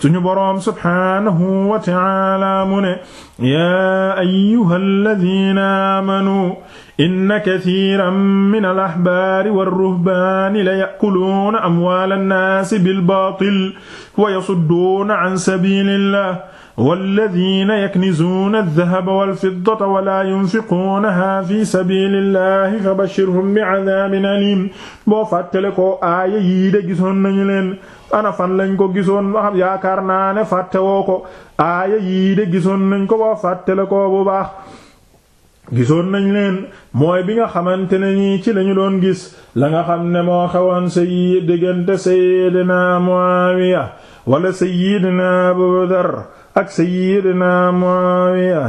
suñu boroom subhaanahu wa ta'aala mu ne yaa ayyuha alladina aamanu inna kathiiran min al-ahbaari war-ruhbaani la ya'kuluuna amwaala an-naasi bil-baatil wa yasudduuna an sabiilillah walladina yaknizuuna aldahaba walfiddata wala yunfiquunaha fi sabilillahi fabashirhum bi'adaabin aliim boo fàttale ko aaya yii de gisoon nañu leen ana fan lañ ko gisoon yaakaar naa ne fàtte woo ko aaya yii de gisoon nañ ko boo fàttale ko bu baax gisoon nañ leen mooy bi nga xamante ne nii ci lañu doon gis la nga xam ne moo xewoon sayyid diggante sayyidina Muawiya wala sayyidina Abu Dharr ak sayyidina Muawiya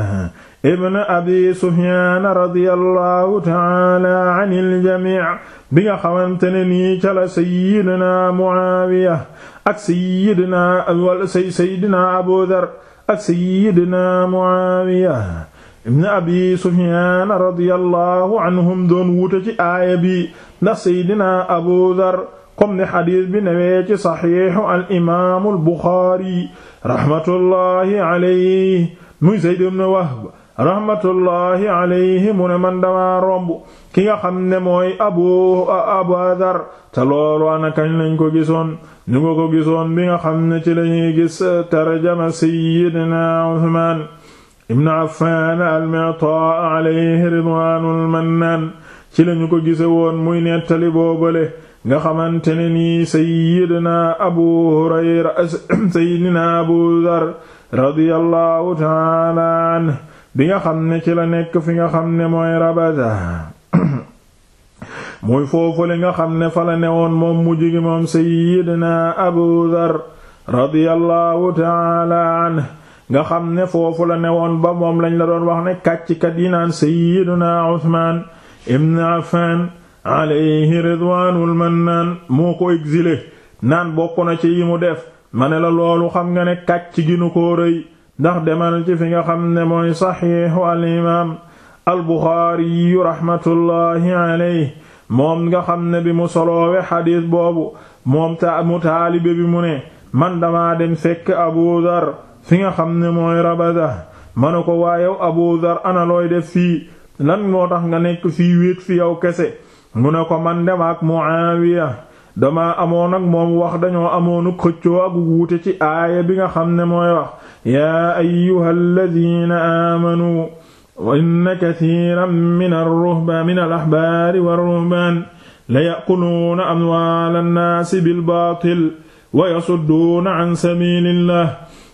ibn abi Sufyaan radiyallahu taala anil jamii bi nga xamante ne nii ca la sayyidina Muawiya ak sayyidina wala sayyidina Abu Dar ak sayyidina Muawiya ibn abi Sufyaan radiyallahu anhum doon wuute ci aaya bi ndax sayyidina Abu Dar comme ni xadiis bi newee ci saxiixu al imaamu al buxaari raxmatullaahi alayhi muy Zayd ibn Wahb raxmatullaahi alayhi mu man dama romb ki nga xam ne mooy abu abu dar te loolu ana kañ lañ ko gisoon ñu nga ko gisoon bi nga xam ne ci lañuy gis tarjama sayyidina Usmaan ibn Affaan al-Mu'taa alayhi ridwaanul mannaan ci lañu ko gise woon muy nettali boobale nga xamante ne nii sayyidina abu hurayra sayyidina abu dhar radiyallahu ta'ala anhu bi nga xam ne ci la nekk fi nga xam ne mooy rabada muy foofu nga xam ne fala ne newoon moom mujj gi moom sayyidina abu dhar radiyallahu ta'ala anhu nga xam ne foofu la newoon ba moom lañ la doon wax ne kàccikat yi naan sayyidina uthman ibn affan alayhi ridwaanul mannaan moo ko exilé naan bokk na ci yi mu def ma ne la loolu xam nga ne kàcc ginu nu ko rëy ndax demal ci fi nga xam ne mooy saxiixu al imaam al buxaari raxmatullaahi alayhi moom nga xam ne bi mu soloowe xadiis boobu moom ta taalibe bi mu ne man dama dem fekk abu dar fi nga xam ne mooy rabada ma ne ko waayew abu dar ana looy def fii lan moo tax nga nekk fii wéet fi yow kese mu ne ko man dem ak Muawiya dama amoon ak moom wax dañoo amoon ak xëccoo ak wuute ci aaya bi nga xam ne mooy wax yaa ayyuhal ladina aamanu wa inna kathiran min ar-ruhbani min al-ahbaari war-ruhbaan la ya'kuluuna amwaala an-naasi bil-baatil wa yasudduuna an sabiilillah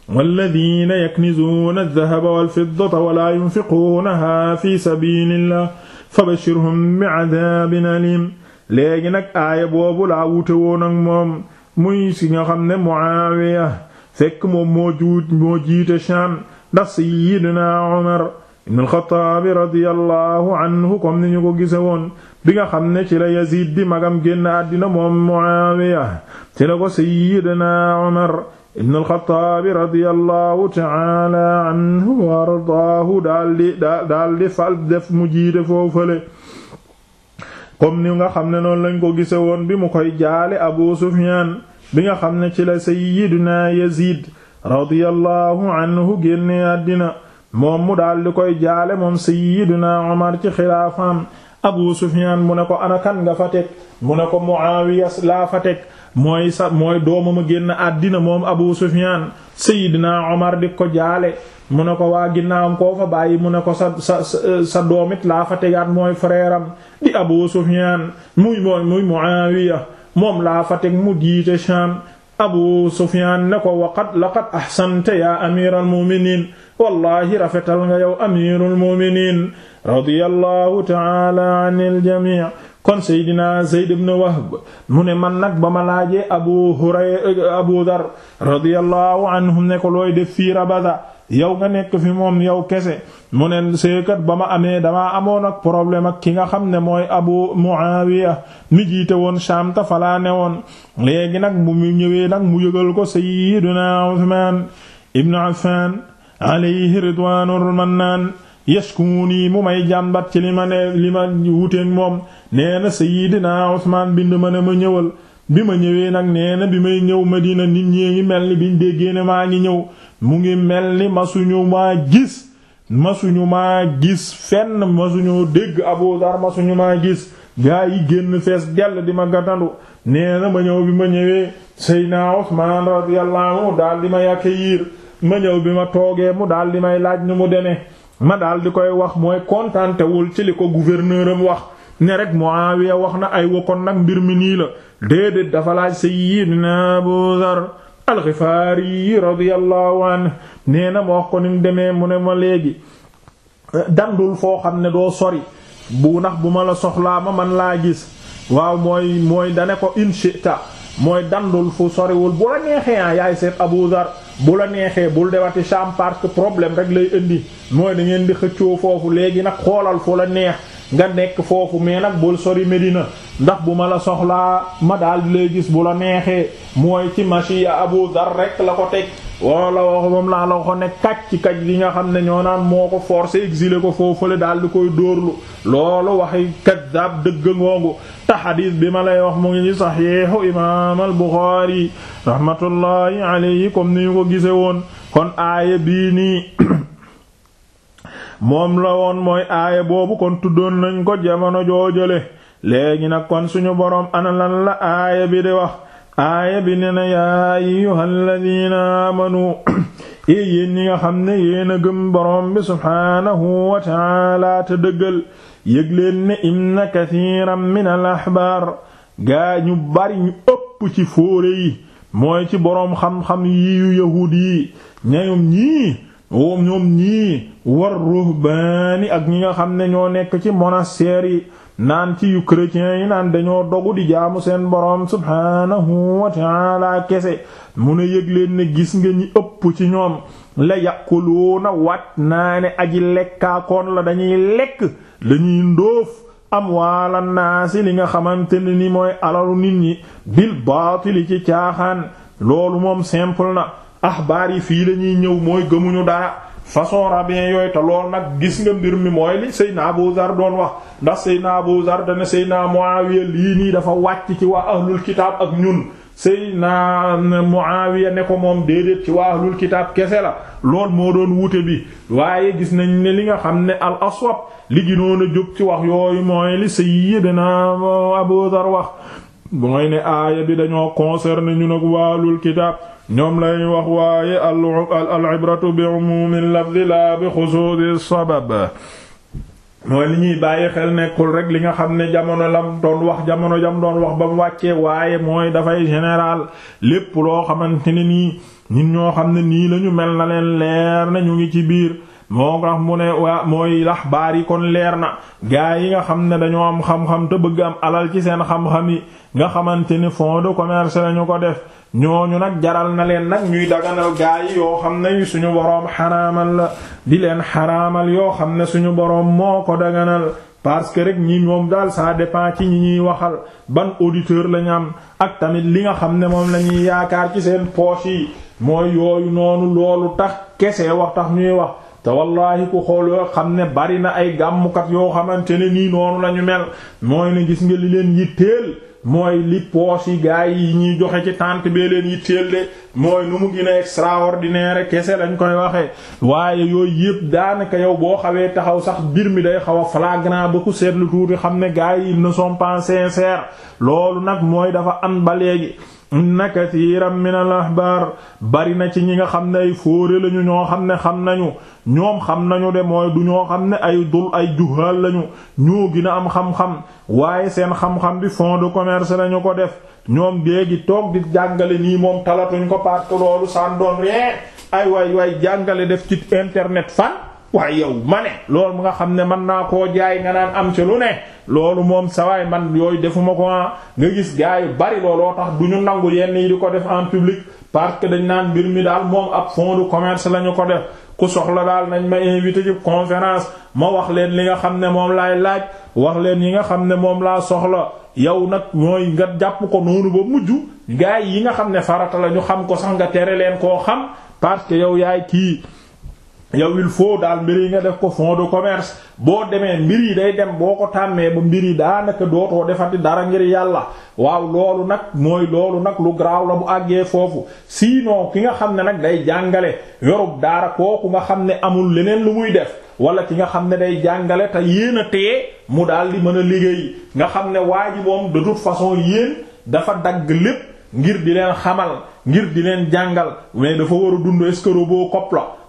walladina yaknizuuna adh-dhahaba wal-fiddata wa laa yunfiquunahaa fi sabiilillah fabashirhum bi'adaabin aliim léegi nag aaya boobu laa wute woon ak moom muy si nga xam ne Muawiya fekk moom moo juut moo jiite Shaam ndax Sayyidina Umar ibn al-Khattab radiyallahu anhu comme ni ñu ko gise woon bi nga xam ne ci la Yazid di magam génn àddina moom Muawiya ci la ko Sayyidina Umar ibn alxataabi radiallahu taala anhu wa ardaahu daal di def mu jiite foofale comme ni nga xam ne noonu lañ ko gise woon bi mu koy jaale abu sufyaan bi nga xam ne ci la sayidunaa yazid radiyallahu anhu génne àddina moom mu daal koy jaale moom sayidunaa omar ci xilaafaam abu sufyaan mu ne ko anakan nga fa mu ne ko muawiya laa fa mooy sa mooy doomam a génn àddina moom Abu Sufyaan Seydina Omar di ko jaale mu ne ko waa ginnaawam koo fa bàyyi mu ne ko sa sa sa doomit laa fa tegaat mooy frère am di Abu Sufyaan muy mooy muy Muawiya moom laa fa teg mu jiite Sham Abu Sufyaan ne ko waqad laqad ahsanta yaa amiiral mu'miniin wallaahi rafetal nga yow amiirul mu'miniin radiyallahu ta'ala anil jamii' kon Seydina Zayd ibn Wahb mu ne man nag ba ma laajee Abu Hurayra Abu Dar radiyallahu anhu ne ko looy def fii Rabada yow nga nekk fi moom yow kese mu ne seekat ba ma amee damaa amoon ak problème ak ki nga xam ne mooy Abu Muawiya mi jiite woon Sham ta falaa ne woon léegi nag mu ñëwee nag mu yëgal ko Seydina Usmaan ibn Affaan alayhi ridwaanul mannaan yashkuuni mu may jàmbat ci li ma ne li ma wuteeg moom nee na sayyidina Usmaan bind ma ne ma ñëwal bi ma ñëwee nag nee na bi may ñëw ma Madina nit ñee ngi mel ni biñ déggee ne maa ngi ñëw mu ngi mel ni masuñu maa gis masuñu maa gis fenn masuñu dégg Abu Dar masuñu maa gis gaa yi génn fees dell di ma gatandu nee na ma ñëw bi ma ñëwee Seydina Usmaan radiyallahu daal di may accueillir ma ñëw bi ma toogee mu daal di may laaj nu mu demee ma daal di koy wax mooy kontantewul ci li ko gouverneur wax ne rek Muawiya wax na ay wokkoon nag mbir mi nii la déedéet dafa laaj sayyidina Abu Dhar al-Ghifari radiyallahu anhu nee na ma wax ko ni mu demee mu ne ma léegi dandul foo xam ne doo sori bu ndax bu ma la soxlaa ma man laa gis waaw mooy mooy dane ko in shi'ta mooy dandul fu soriwul bu la neexee ah, yaay seet Abu Dhar bu la neexee bul dewati Sham parce problème rek lay indi mooy da ngeen di xëccoo foofu léegi nag xoolal fu la neex nga nekk foofu mais nag bul sori Medina ndax bu ma la soxlaa ma daal di lay gis bu la neexee mooy ci machi Abu Dhar rek la ko teg. wala wax moom laa la waxoon ne kàcc yi nga xam ne ñoo naan moo ko forcé exilé ko foofale daal di koy dóorlu loolu waxi kaddaab dëgg ngoongu te xadiis bi ma lay wax mu ngi ci saxiixu imaam al Buxaari rahmatullahi alayhi comme ni ñu ko gise woon kon aaya bii nii moom la woon mooy aaya boobu kon tuddoon nañ ko jamono joojale léegi nag kon suñu boroom ana la aaya bi di wax aaya bi ne na yaa ayyuhalladhina amanu e yéen ñi nga xam ne yéen a gëm boroom bi subhaanahu wa ta'ala te dëggal yëg leen ne inna kathiran min al gaa ñu bari ñu ëpp ci fóore yi mooy ci boroom xam-xam yi yu yahuud yi ñoom ñii ñoom ñii war ruhbaani ak ñi nga xam ne ñoo nekk ci monastère naan ci yu chrétiens yi naan dañoo dogu di jaamu seen boroom subhaanahu wa ta'ala kese mu ne yëg leen ne gis nga ñi ëpp ci ñoom la yàquluuna wat naa ne aji lekkaakoon la dañuy lekk lañuy ndóof amwaala naasi li nga xamante ne ni mooy alalu nit ñi bil baatili ci caaxaan loolu moom simple na axbaar yi fii lañuy ñëw mooy gëmuñu dara façon rabien yooyu te lool nag gis nga mbir mi mooy li Seydina Abu Zar doon wax ndax Seydina Abu Zar dana Seydina Muawiya lii nii dafa wàcc ci waa ahlul kitaab ak ñun Seydina Muawiya ne ko moom déedéet ci waa ahlul kitaab kese la lool moo doon wuute bi waaye gis nañ ne li nga xam ne al aswab li ginoon a jóg ci wax yooyu mooy li dana Abu Zar wax mooy ne aaya bi dañoo concerné ñun ak waa kitaab ñoom lay wax waaye al ibratu bi umumil lafzi la bi xusuusi sabab mooy li ñuy bàyyi xel nekkul rek li nga xam ne jamono lam doon wax jamono jam doon wax ba mu wàccee waaye mooy dafay général lépp loo xamante ne nii nit ñoo xam ne nii lañu mel na leen leer na ñu ngi ci biir moo tax mu ne waa mooy baar yi kon leer na gaa yi nga xam ne dañoo am xam-xam te bëgg am alal ci seen xam-xam yi nga xamante ni fonds de commerce lañu ko def ñooñu nag jaral na leen nag ñuy daganal gaa yi yoo xam ne yu suñu boroom xaraamal la di leen xaraamal yoo xam ne suñu boroom moo ko daganal parce que rek ñii moom daal ça dépend ci ñi ñuy waxal ban auditeur lañu am ak tamit li nga xam ne moom lañuy yaakaar ci seen poche yi mooy yooyu noonu loolu tax kese wax tax ñuy wax. te wallaahi ku xool yoo xam ne bari na ay gàmmukat yoo xamante ne nii noonu la ñu mel mooy ne gis nga li leen yitteel mooy li poche yi gars yi ñuy joxe ci tànt bee leen yitteel de mooy nu mu gën a extraordinaire kese lañ koy waxee. waaye yooyu yëpp daanaka yow boo xawee taxaw sax mbir mi day xaw a flagrant ba ku seetlu tuuti xam ne gars yi ils ne loolu nag mooy dafa am ba léegi. inna kathiran min na ahbar bari na ci ñi nga xam ne ay fóore lañu ñoo xam ne xam nañu ñoom xam nañu de mooy du ñoo xam ne ay dul ay juhaal lañu ñoo gën na am xam-xam waaye seen xam-xam bi fond de commerce lañu ko def ñoom léegi toog di jàngale nii moom talatuñ ko parce que loolu saan doon rien ay waay waay jàngale def ci internet fan waaye yow ma ne loolu mu nga xam ne mën naa koo jaay nga naan am ci lu ne loolu moom sawaay man yooyu defuma ko ah nga gis gars yu bari looloo tax du ñu nangu yenn yi di ko def en public parce que dañ naan mbir mi daal moom ab fond de commerce la ko def ku soxla daal nañ ma invité ci conférence ma wax leen li nga xam ne moom laay laaj wax leen yi nga xam ne moom laa soxla yow nag mooy nga jàpp ko noonu ba mujj gars yi nga xam ne farata la ñu xam ko sax nga leen koo xam parce yow il faut daal mbir yi nga def ko fonds de commerce boo demee mbir yi day dem boo ko tàmmee ba mbir yi daanaka dootoo defati dara ngir yàlla waaw loolu nag mooy loolu nag lu graaw la bu àggee foofu sinon ki nga xam ne nag day jàngale yorub daara kooku nga xam ne amul leneen lu muy def wala ki nga xam ne day jàngale te yéen a téye mu daal di mën a liggéey nga xam ne waa ji moom façon yéen dafa dagg lépp ngir di leen xamal ngir di leen jàngal mais dafa war a dund escrobo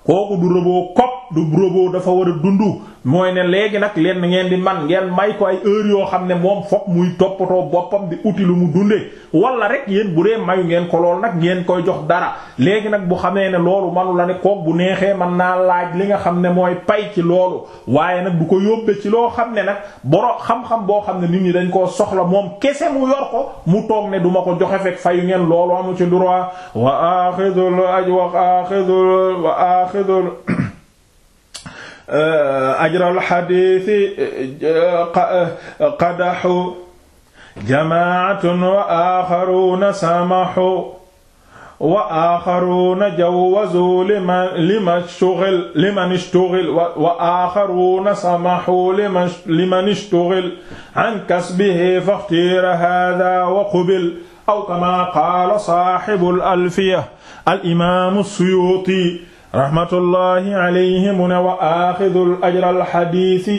kooku du rëboo kopp du rëboo dafa war a dund mooy ne léegi nag leen ngeen di man ngeen may ko ay heure yoo xam ne moom fokk muy toppatoo boppam di uti lu mu dundee wala rek yéen bu dee mayu ngeen ko lool nag ngeen koy jox dara léegi nag bu xamee ne loolu manu la ne kook bu neexee man naa laaj li nga xam ne mooy pay ci loolu waaye nag du ko yóbbee ci loo xam ne nag boro xam-xam boo xam ne nit ñi dañ koo soxla moom kese mu yor ko mu toog ne duma ko joxe fekk fayu ngeen loolu amu ci droit wa axidul aj wa ajral xadiisi qadaxu jamaatun wa aaxaruuna samaxu wa aaxaruuna jawwazuu liman ishtughil liman ishtughil wa aaxaruuna samaxu liman ishtughil an kasbihi faxtiira haadaa wa qubil aw kamaa qaala saaxibul alfiya al imaamu suyuuti raxmatullahi alayhi mu ne wa aaxidul ajral xadiisi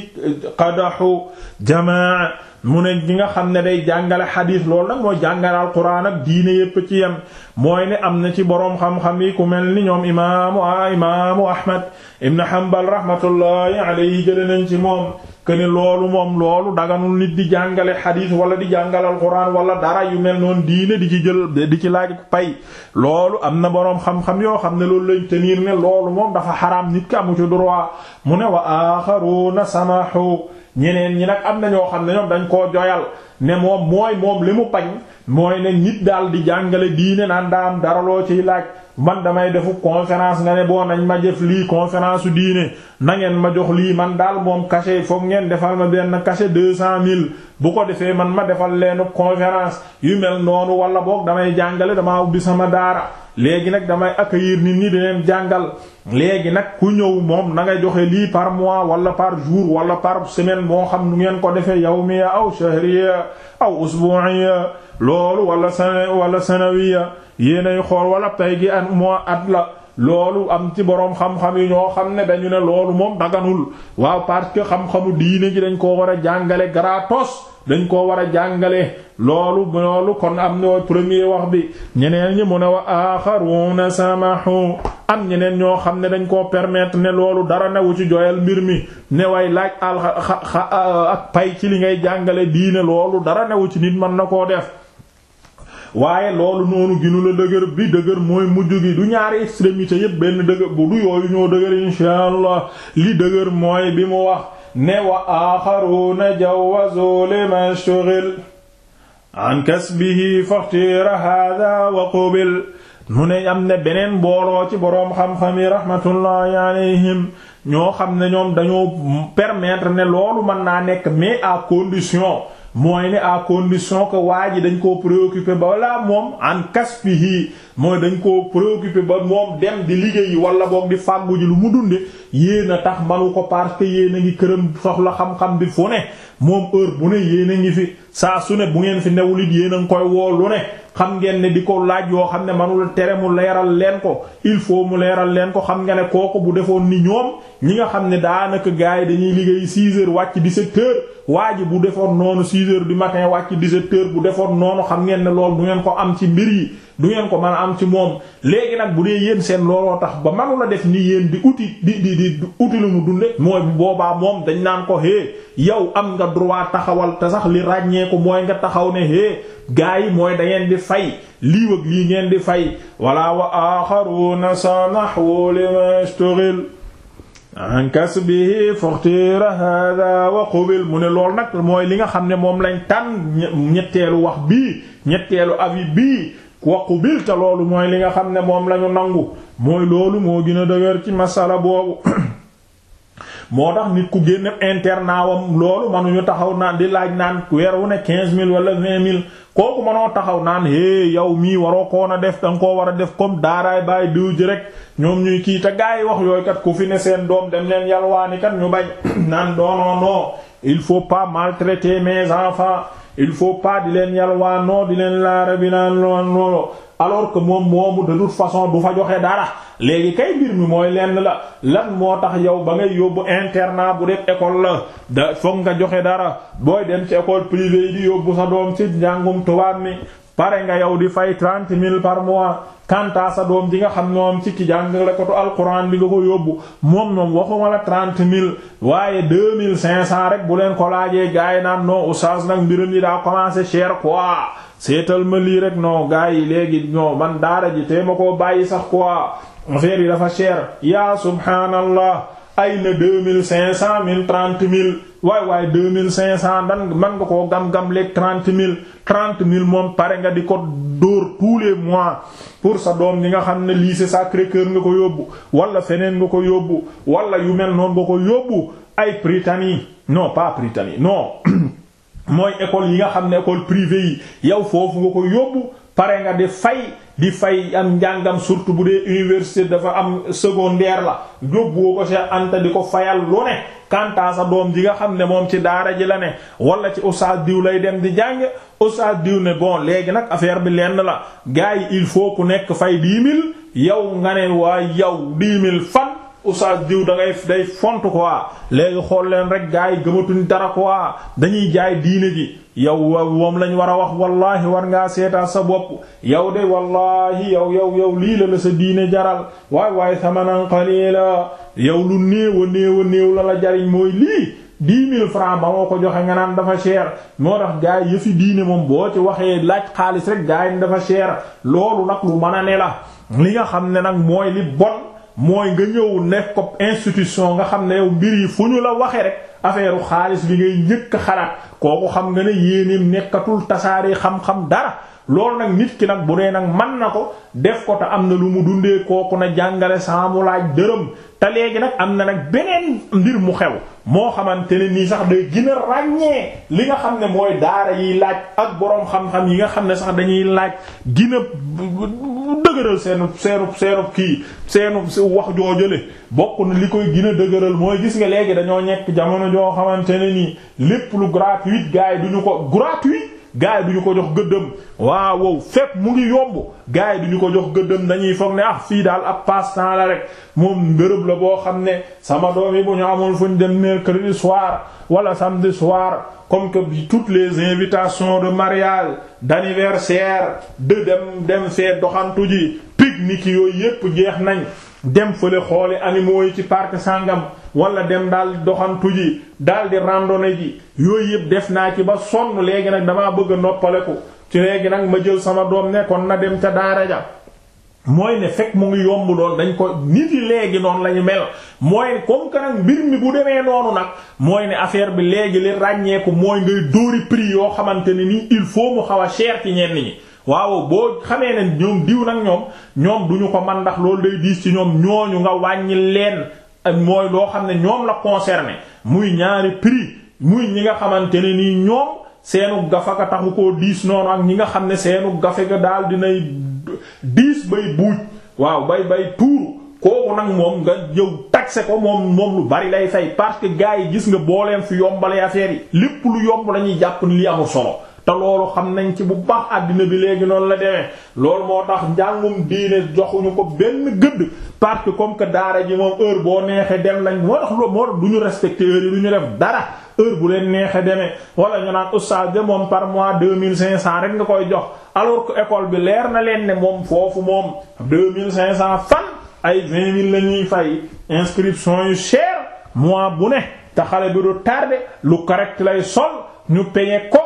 qadaxu jamaa mu ne nga xam ne day jàngale xadiis loolu nag mooy jàngale alquran ak diine ci yem mooy ne am na ci borom xam-xam yi ku mel ni ñoom imaamu a ah, imaamu ahmad ibn hanbal raxmatullahi alayhi jële nañ ci moom que ne loolu moom loolu daganul nit di jàngale xadiis wala di jàngale alxuraan wala dara yu mel noonu diine di ci jël di ci laaj pay loolu am na boroom xam-xam yoo xam ne loolu lañ tenir ne loolu moom dafa xaraam nit ki amu ci droit mu ne wa axaruna samahu ñeneen ñi nag am na ñoo xam ne ñoom dañ koo joyal ne moom mooy moom li mu pañ mooy ne nit daal di jàngale diine naan daa am dara loo ciy laaj man damay defu conférence nga ne boo nañ ma jëf lii conférence su diine na ngeen ma jox lii man daal moom cachet foog ngeen defal ma benn cachet deux cent mille bu ko defee man ma defal leenu conférence yu mel noonu wala boog damay jàngale damaa ubbi sama daara léegi nag damay accueillir nit ñi di leen jàngal léegi nag ku ñëw moom na nga joxe lii par mois wala par jour wala par semaine moo xam nu ngeen ko defee yawmiya aw shahriya aw usbu'iya loolu wala sana wala sanawiya yéenay xool wala pay gi an mois at la loolu am ci boroom xam-xam yi ñoo xam ne dañu ne loolu moom daganul waaw parce que xam-xamu diine ji dañ koo war a jàngale gratos dañ ko war a jàngale loolu loolu kon am na premier wax bi ñeneen ñi mu ne wa axaruna samahu am ñeneen ñoo xam ne dañ koo permettre ne loolu dara newu ci joyal mbir mi ne way laaj al euh, ak pay ci li ngay jàngale diine loolu dara newu ci nit mën na koo def waaye loolu noonu ginu la dëgër bi dëgër mooy mujj gi du ñaari extrémité yépp benn dëgër bu du yooyu ñoo dëgër insha li dëgër mooy bi mu wax ne wa aaxaruuna jawazu liman shughil an kasbihi faxtira hada wa qubil mu ne am ne beneen mbooloo ci boroom xam-xam yi rahmatullahi alayhim ñoo xam ne ñoom dañoo permettre ne loolu mën naa nekk mais à condition mooy ne à condition que waa ji dañ ko préoccupé ba laa moom an kasbihi mooy dañ koo préoccupé ba moom dem di liggéeyi wala boog di fàggu ji lu mu dunde yéen a tax manu ko parce que yéen a ngi këram soxla xam-xam bi fu ne moom heure bu ne yéen a ngi fi saa su ne bu ngeen fi newul it yéen ngi koy woo lu ne xam ngeen ne di ko laaj yoo xam ne manula tere mu leeral leen ko il faut mu leeral leen ko xam nga ne kooku bu defoon ni ñoom ñi nga xam ne daanaka gars yi dañuy liggéey 6 heures wàcc 17 heures waa bu defoon noonu 6 heures du matin wàcc 17 bu defoon noonu xam ngeen ne loolu du ngeen ko am ci mbir yi du ngeen ko mën a am ci moom léegi nag bu dee yéen seen looloo tax ba manu la def ni yéen di uti di di di uti lu mu dunde mooy boobaa moom dañ naan ko hé yow am nga droit taxawal te sax li ràññeeku mooy nga taxaw ne hé gaa yi mooy dangeen di fay lii wëg lii ngeen di fay wala wa axaruna sa nahwu limastouril ankas bi fortira hada wa qubil mu ne loolu nag mooy li nga xam ne moom lañ tànn ñetteelu wax bii ñetteelu avis bii waqu bil te loolu mooy li nga xam ne moom lañu nangu mooy loolu moo gën a dëgër ci masala boobu moo tax nit ku génne internat wam loolu mënuñu taxaw naan di laaj naan weer wu ne quinze mille wala vingt mille kooku manoo taxaw naan hé yow mii waroo koon a def danga koo war a def comme daaraay bàyyi diw ji rek ñoom ñuy kii te gaa wax yooyu kat ku fi ne seen doom dem leen yalwaani kat ñu bañ naan non non il faut pas maltraiter mes enfants il faut pas di leen noo di leen laara bi naan looloo alors moom moomu de toute façon du fa joxe dara léegi kay mbir mi mooy lenn la lan moo tax yow ba ngay yóbbu internat bu def école la da foog nga joxe dara booy dem ci école privée yi di yóbbu sa doom ci njàngum tubaab mi pare nga yow di fay trente mille par mois kanta sa doom ji nga xam ñoom ci ki jàngalekotu alquran bi nga ko yóbbu moom moom waxuma la trente mille waaye deux mille cinq cent rek bu leen ko laajee gars yi naan noo oustaz nag mbiram yi daa commencé cher quoi seetal ma lii rek noo gars yi léegi non man daara ji tee ma koo bàyyi sax quoi affaire yi dafa cher ya subhanallah ay na deux mille cinq cent mille trente mille waay waay deux mille cinq cent dan man nga koo gam-gam leeg trente mille trente mille moom pare nga di ko dóor tous les mois pour sa doom ñi nga xam ne lii lycée Sacré-Cœur nga ko yóbbu wala feneen nga ko yóbbu wala yu mel noon nga ko yóbbu ay Britannique non pas Britannique non mooy école yi nga xam ne école privée yi yow foofu nga ko yóbbu pare nga di fay di fay am njàngam surtout bu dee université dafa am secondaire la yóbbu ko Cheikh Anta di ko fayal lu ne kanta sa doom ji nga xam ne moom ci daara ji la ne wala ci oustaz diw lay dem di jàng oustaz diw ne bon léegi nag affaire bi lenn la gars yi il faut ku nekk fay dix mille yow nga ne waa yow dix fan oustaz diw da ngay day font quoi léegi xool leen rek gaa yi gëmatuñ dara quoi dañuy jaay diine ji yow woom lañ war a wax wallahi war ngaa seetaa sa bopp yow de wallahi yow yow yow lii la la sa diine jaral waaye waay samanan qalila yow lu néew a néew a néew la la jariñ mooy lii dix mille francs ko joxe nga naan dafa cher moo tax gaa yi yëfi diine moom boo ci waxee laaj xaalis rek gaa yi dafa cher loolu nag lu mën a ne la li nga xam ne nag mooy mooy nga ñëw nekk ko institution nga xam ne yow mbir yi fu ñu la waxee rek affaire xaalis bi ngay njëkk xalaat kooku xam nga ne yéeneem nekkatul tasaare xam-xam dara loolu nag nit ki nag bu dee nag man na ko def ko te am na lu mu dundee kooku na jàngale saa mu laaj dërëm te léegi nag am na nag beneen mbir mu xew moo xamante ne nii sax day gën a ràññee li nga xam ne mooy daara yiy laaj ak boroom xam-xam yi nga xam ne sax dañuy laaj gën a dëgëral seenu seenu seenu kii seenu wax joojale bokk na li koy gën a mooy gis nga léegi dañoo ñekk jamono joo xamante ne nii lépp lu gratuit gars yi duñu ko gratuit gars yi duñu ko jox gëddëm waaw wow fépp mu ngi yomb gars duñu ko jox gëddëm dañuy foog ne ah fii daal ab passe-temps la rek moom ngërëb la boo xam ne sama doom yi bu ñu amul fuñ dem mercredi soir wala samedi soir comme que toutes les invitations de mariage d'anniversaire de dem dem fee doxantu ji pique-nique yooyu yépp jeex nañ dem fële xooli animaux yi ci parc sangam wala dem daal doxantu ji daal di randonnée ji yooyu yépp def naa ci ba sonn léegi nag damaa bëgg a noppaleku ci léegi nag ma jël sama doom nekkoon na dem ca daara ja mooy ne fekk mu ngi yomb doon dañ ko nit yi léegi noonu lañu mel mooy comme que mbir mi bu demee noonu nag mooy ne affaire bi léegi li ràññeeku mooy ngay dóori prix yoo xamante ne nii il faut mu xaw a cher waaw boo xamee ne ñoom diw nag ñoom ñoom duñu ko man ndax loolu day diis ci ñoom ñooñu nga wàññi leen ak mooy loo xam ne ñoom la concerné muy ñaari prix muy ñi nga xamante ne nii ñoom seenu gafaka taxu koo diis noonu ak ñi nga xam ne seenu gafe gafaka daal dinay. diis bay buuj waaw bay bay tuuru kooku nag moom nga jëw taxé ko moom moom lu bari lay fay parce que gars yi gis nga booleen fi yombalee affaire yi lépp lu yomb lañuy jàpp ni li amul solo te loolu xam nañ ci bu baax àddina bi léegi noonu la demee loolu moo tax njàngum diine joxuñu ko benn gëdd parce que comme que daara ji moom heure boo neexee dem nañ moo tax loolu moo du ñu respecté heure ñu def dara heure bu leen neexee demee wala ñu naan oustaz de moom par mois deux mille cinq cent rek nga koy jox alors que école bi leer na leen ne moom foofu moom deux mille cinq cent fan ay vingt la ñuy fay inscription yu cher mois bu ne te xale bi du tardé lu correct lay sol ñu payer ko.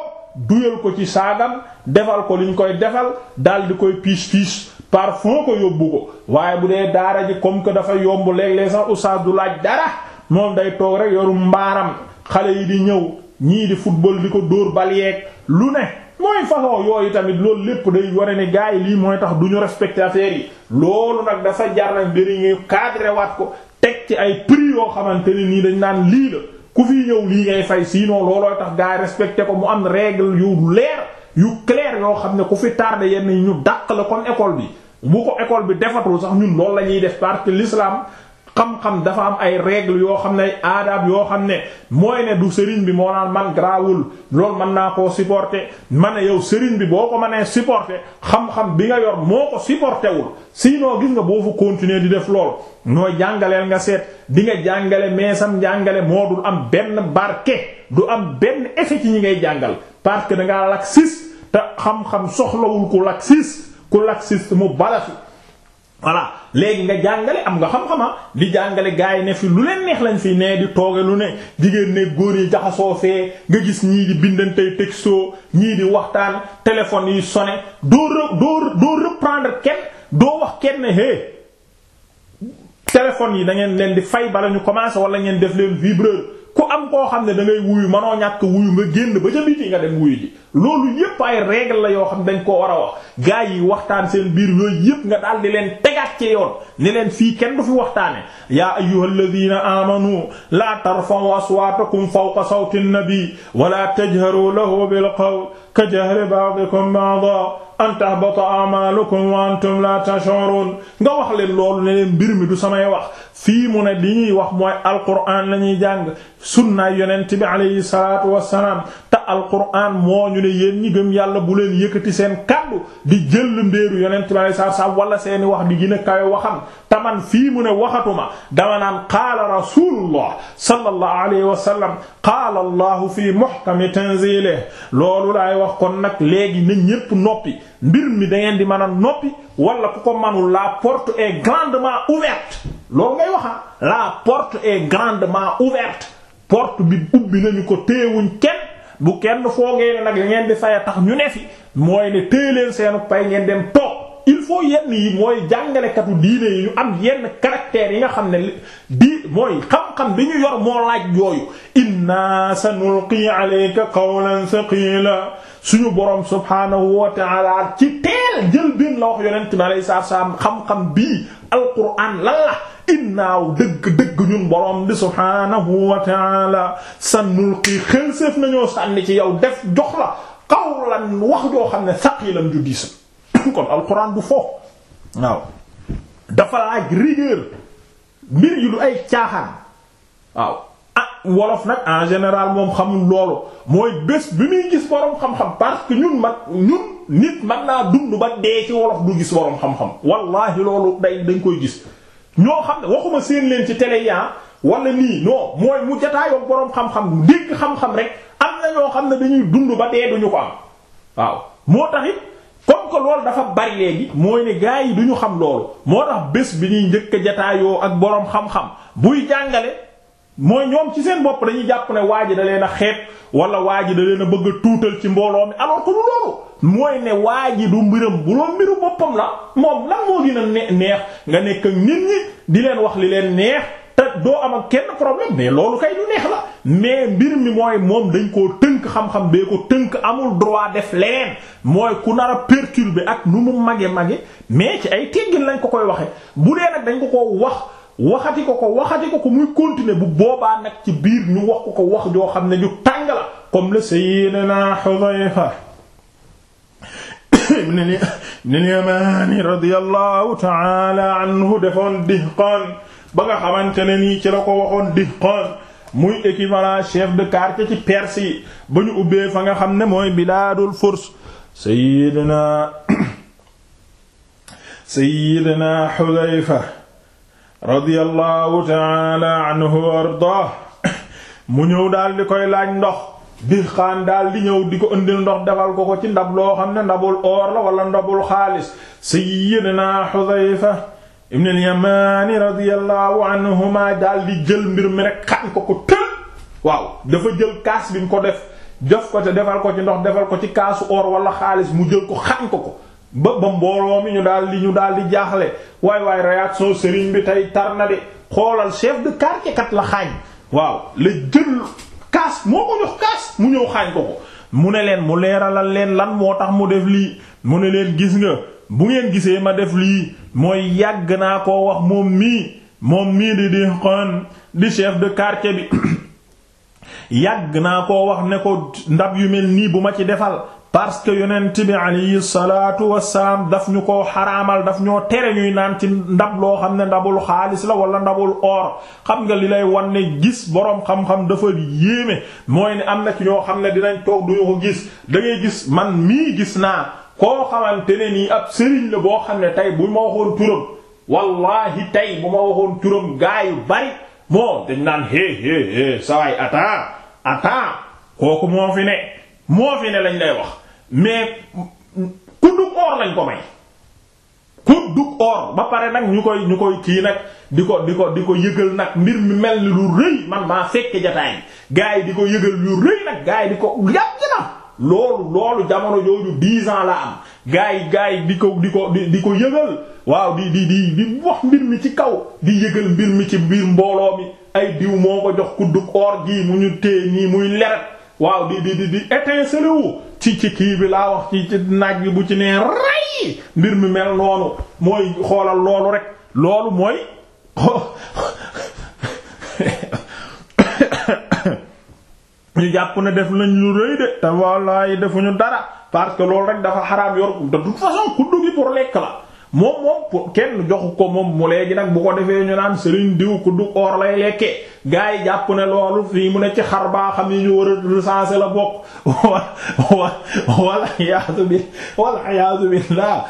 duyal ko ci saagam defal ko ñu koy defal dal di koy piis piis parfum ko yóbbu ko waaye bu dee daara ji comme que dafa yomb léeg-léeg sax oustaz du laaj dara moom day toog rek yoru mbaaram xale yi di ñëw ñii di football di ko dóor bal yeeg lu ne mooy façon yooyu tamit loolu lépp day wone ni gars yi lii mooy tax du ñu respecté affaire yi loolu nag dafa jar bi mbiri ngi cadré waat ko teg ci ay prix yoo xamante ne nii dañ naan lii la ku fi ñëw lii ngay fay sinon loolooy tax gaa yi respecté ko mu am règle yu leer yu clair yoo xam ne ku fi tardé yenn ñu dàq la kon école bi bu ko école bi defatul sax ñun loolu la ñuy def parce lislaam xam-xam dafa am ay règle yoo xam ne ay aadab yoo xam ne mooy ne du sëriñ bi moo naan man garaawul loolu mën naa koo supporter mën ne yow sëriñ bi boo ko mënee supporter xam-xam bi nga yor moo ko supporter wul sinon gis nga boo fa continuer di def lool nooy jàngaleel nga seet di nga jàngale mais sam jàngale moo dul am benn barke du am benn effet ci ñi ngay jàngal parce que da ngaa laxiste te xam-xam soxlawul ku laxiste ku laxiste mu balafi voilà léegi nga jàngale am nga xam-xama di jàngale gars yi ne fi lu leen neex lañ fi ne di tooge lu ne jigéen ne góor yi jaxasoo fee nga gis ñii di bindantey texto ñii di waxtaan téléphone yi sone doo doo doo reprendre kenn doo wax kenn hé téléphone yi da ngeen leen di fay bala ñu commencé wala ngeen def leen vibreur ku am koo xam ne da ngay wuyu manoo ñàkk wuyu nga génn ba ca biti nga dem wuyu ji loolu yépp ay règle la yoo xam dañ koo war a wax gaa yi waxtaan seen biir yooyu yépp nga daal di leen tegaat ci yoon ne leen fii kenn du fi waxtaane yaa ayyuhalladhina amanu la tarfa'u aswatakum fawqa sawti an-nabi wa la tajharu lahu bil qawl ka jahri ba'dikum ba'da an tahbata a'malukum wa antum la tash'urun nga wax leen loolu ne leen mbir mi du samay wax fii mu ne li ñuy wax mooy alquran la ñuy jàng sunnaay yonent bi alayhi salaatu wassalaam alquran moo ñu ne yéen ñi gëm yàlla bu leen yëkkati seen kàddu di jël ndéeru yonent bi alei satu salaam wala seeni wax di gën a kawe waxam taman fii mu ne waxatuma dama naan qaala rasulullah sallallahu alayhi wa sallam qaala allahu fi muhkami tanzilihi loolu laay wax kon nag léegi na ñépp noppi mbir mi da ngeen di mën a noppi wala ku ko manu la porte est grandement ouverte loolu ngay waxa ah. la porte est grandement ouverte porte bi ubbi ko téewuñ kenn bu kenn foogee ne nag li ngeen di faya tax ñu ne fi mooy ne téye leen seenu pay ngeen dem toog il faut yenn yi mooy jàngalekatu diine yi ñu am yenn caractère yi nga xam ne di mooy xam-xam bi ñu yor moo laaj yooyu inna sanulqi alayka qawlan thaqila suñu borom subhaanahu wa ta'ala ci teel jël biin la wax yonent bi alayhi salaatu salaam xam-xam bii alquran lan la innaaw dëgg-dëgg ñun borom bi subhaanahu wa ta'ala sanulqii xelsef nañoo sànni ci yow def jox la qawlan wax joo xam ne saqilan ju diis kon alquran du foofu waaw dafa laaj rigueur mbir yi du ay caaxaan waaw wolof nag en général moom xamul loolu mooy bés bi muy gis boroom xam-xam parce que ñun mag ñun nit man naa dund ba dee ci wolof du gis boroom xam-xam wallahi loolu day dañ koy gis ñoo xam ne waxuma seen leen ci télé ya ah, wala nii non mooy mu jataayoo boroom xam-xam du dégg xam-xam rek am na ñoo xam ne dañuy dund ba dee duñu ko am waaw moo tax it comme que dafa bari léegi mooy ne gars yi duñu xam loolu moo tax bés bi ñuy njëkk a jataayoo ak boroom xam buy jàngale mooy ñoom ci seen bopp dañuy jàpp ne waa ji da leen a xeet wala waa ji da leen a bëgg tuutal ci mbooloo mi alors que lu loolu mooy ne waa ji du mbiram bu loolu mbiru boppam la moom lan moo gën neex nga nekk ak nit ñi di leen wax li leen neex te doo am ak kenn problème mais loolu kay du neex la mais mbir mi mooy moom dañ koo tënk xam-xam bee ko tënk amul droit def leneen mooy ku nar a bi ak nu mu mage mage mais ci ay teggin lañ ko koy waxe bu dee nag dañ ko ko wax. waxati ko ko waxati ko ko muy continuer bu boobaa nag ci biir ñu wax ko ko wax joo xam ne ñu tàng la comme le sayyidina Hudhayfa ibn al-Yaman radiyallahu ta'ala anhu defoon Dihqan ba nga xamante ne nii ci la ko waxoon Dihqan muy équivalent chef de quartier ci Perse yi ba ñu ubbee fa nga xam ne mooy bilaadul furs sayyidina sayyidina Hudhayfa radiyallahu taala anhu wa mu ñëw daal di koy laaj ndox dixaan daal di ñëw di ko indil ndox defal ko ko ci ndab loo xam ne ndabul oor la wala ndabul xaalis sayyidina Xudayfa ibn al-Yamaani radiyallahu anhuma daal jël mbir mi rek xaan ko ko tël waaw dafa jël kaas bi ko def def ko te defal ko ci ndox defal ko ci kaasu oor wala xaalis mu jël ko xaan ko ko ba mbooloo mi ñu daal li ñu daal di jaaxle waay waay réaction sëriñ bi tey tar na de xoolal chef de quartier kat la xaañ waaw la jël kaas moo ko jox kaas mu ñëw xaañ ko mu ne leen mu leeralal leen lan moo tax mu def lii mu ne leen gis nga bu ngeen gisee ma def lii mooy yàgg naa ko wax moom mii moom mii di di xon di chef de quartier bi yàgg naa ko wax ne ko ndab yu mel nii bu ma ci defal parce que yonent bi alayhi salaatu ñu ko xaraamal daf ñoo tere ñuy naan ci ndab loo xam ne ndabul xaalis la wala ndabul or xam nga li lay wan ne gis boroom xam-xam dafa yéeme mooy ne am na ci ñoo xam ne dinañ toog duñu ko gis da ngay gis man mii gis naa koo xamante ne nii ab sëriñ la boo xam ne tey bu ma waxoon turam wallahi tey bu ma waxoon turam gaa yu bari moo dañ naan hé sawaay ata ata kooku moo fi ne moo fi ne lañ lay wax mais kuddu or nañ ko may kuddug or ba pare nag ñu koy ñu koy kii nag di ko di ko di ko yëgal nag mbir mi mel ni lu rëy man maa fekke jataay gaa yi di ko yëgal lu rëy nag gaa yi di ko yàgg loolu jamono jooju dix ans la gaa yi gaa yi di ko di ko di ko yëgal waaw di di di di wax mbir mi ci kaw di yëgal mbir mi ci biir mbooloo mi ay diw moo ko jox kuddug or gii mu ñu téye nii muy leret waaw di di di di étincelle ci ci kii bi laa wax ci ci naaj bi bu ci nee ray mbir mi mel noonu mooy xoolal loolu rek loolu mooy ñu jàpp ne def nañ lu rëy de te wallaay defuñu dara parce que loolu rek dafa xaraam yor de toute façon kuddu gi pour lekk la moom moom kenn joxu ko moom mu léegi nag bu ko defee ñu naan sëriñ diw ku du lay lekke gars yi jàpp ne loolu fii mu ne ci xar baa xam yi ñu war a recenser la bokk wala iyaazu bi wala iyaazu billah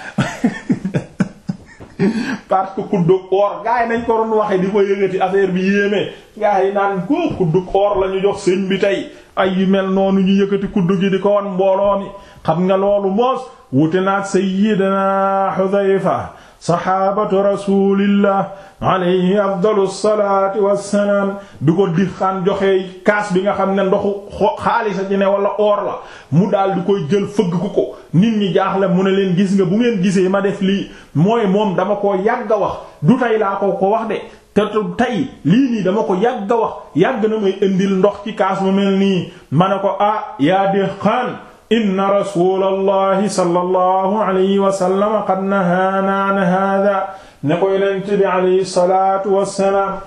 parce que kuddug or gars nañ ko doon waxee di ko yëgati affaire bi yéeme gars yi naan ko kuddug or la ñu jox sëñ bi tey ay yu mel noonu ñu yëkkati kuddu yi di ko wan mbooloo xam nga loolu mboos wute naat sayyidina Xudayfa saxaabatu rasulillah alayhi afdalu salaati wassalaam bi ko dixaan joxe kaas bi nga xam ne ndoxu xaalis a ci ne wala oor la mu daal di koy jël fëgg ku ko nit ñi jaaxle mu ne leen gis nga bu ngeen gisee ma def lii mooy moom dama ko yàgg a wax du tey laa ko ko wax de te tey lii nii dama ko yàgg a wax yàgg na may indil ndox ci kaas mu mel nii ma ne ko ah yaa dixaan inna rasulallahi sallallahu alayhi wa sallam qad nahaana an haadaa ne ko yonent bi alayhi salaatu wassalaam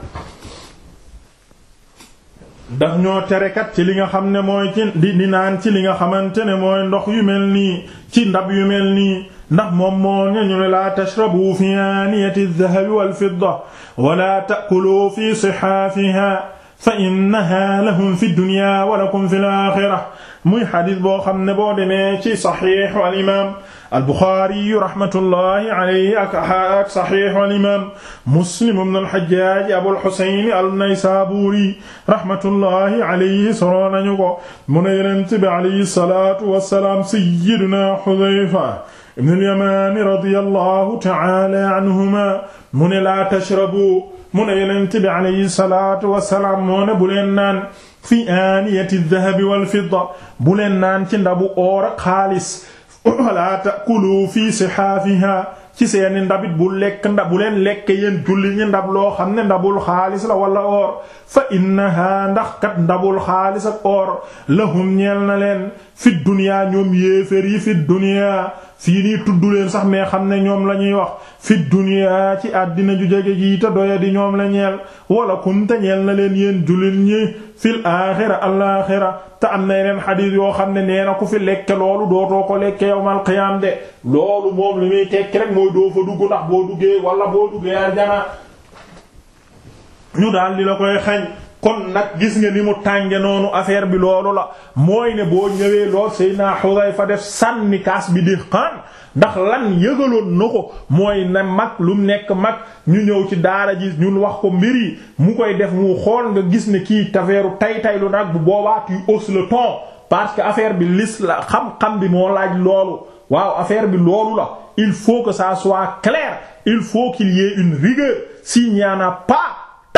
daf ñoo terekat ci li nga xam ne mooy ci di di naan ci li nga xamante ne mooy ndox yu mel nii ci ndab yu mel nii ndax moom moo ñu ne laa tashrabu fi aaniyati adh-dhahabi wal-fidda wa laa ta'kulu fi sihaafihaa fa innahaa lahum fi ad-dunyaa wa lakum fil aaxira muy xadis boo xam ne boo demee ci saxiix al imaam al-Buxaari rahmatullahi alayhi ak ak saxiix al imaam Muslim ibn al-Hajjaaj Abul Husayn an-Naysaabuuri rahmatullahi alayhi solo nañu ko mu ne Yonent bi alayhi salaatu wa salaam sayyidunaa Hudayfa ibn al-Yamaan radiyallahu ta'aala anhumaa mu ne laa tashrabuu mu ne yonent bi alayhi salaatu wasalaam moo ne bu leen naan fi aaniyati wa wal fidda bu leen naan ci ndabu oor ak xaalis wala takulu fi sihaafiha ci seeni ndabit bu lekk ndab bu leen lekk yéen julli ñi ndab loo xam ne ndabul xaalis la wala or fa innaha ndax kat ndabul xaalis ak or lahum ñeel na leen fi duniyaa ñoom yéefér yi fi duniyaa fii nii tudd leen sax mais xam ne ñoom la ñuy wax fi dunya ci àddina ju jege jii te doya ñoom la ñeel wala kunte ñeel na leen yéen jullit ñi fil aaxira alaaxira te am na yeneen xadiis yoo xam ne nee ku fi lekke loolu dootoo ko lekke yawmal qiyaam de loolu moom li muy tekki rek mooy doo fa dugg ndax boo duggee wala boo duggee aljana ñu daal di la koy xañ kon nag gis nga ni mu tànge noonu affaire bi loolu la mooy ne boo ñëwee lool Seydina Xudayfa def sànni kaas bi di xaan ndax lan yëgaloon na ko mooy ne mag lu mu nekk mag ñu ñëw ci daara ji ñun wax ko mbir yi mu koy def mu xool nga gis ne kii tafeeru tay tay lu nag bu boobaa tu hausses parce que affaire bi lis la xam-xam bi moo laaj loolu waaw affaire bi loolu la il faut que ça soit clair il faut qu'il y une rigueur s'il n'y en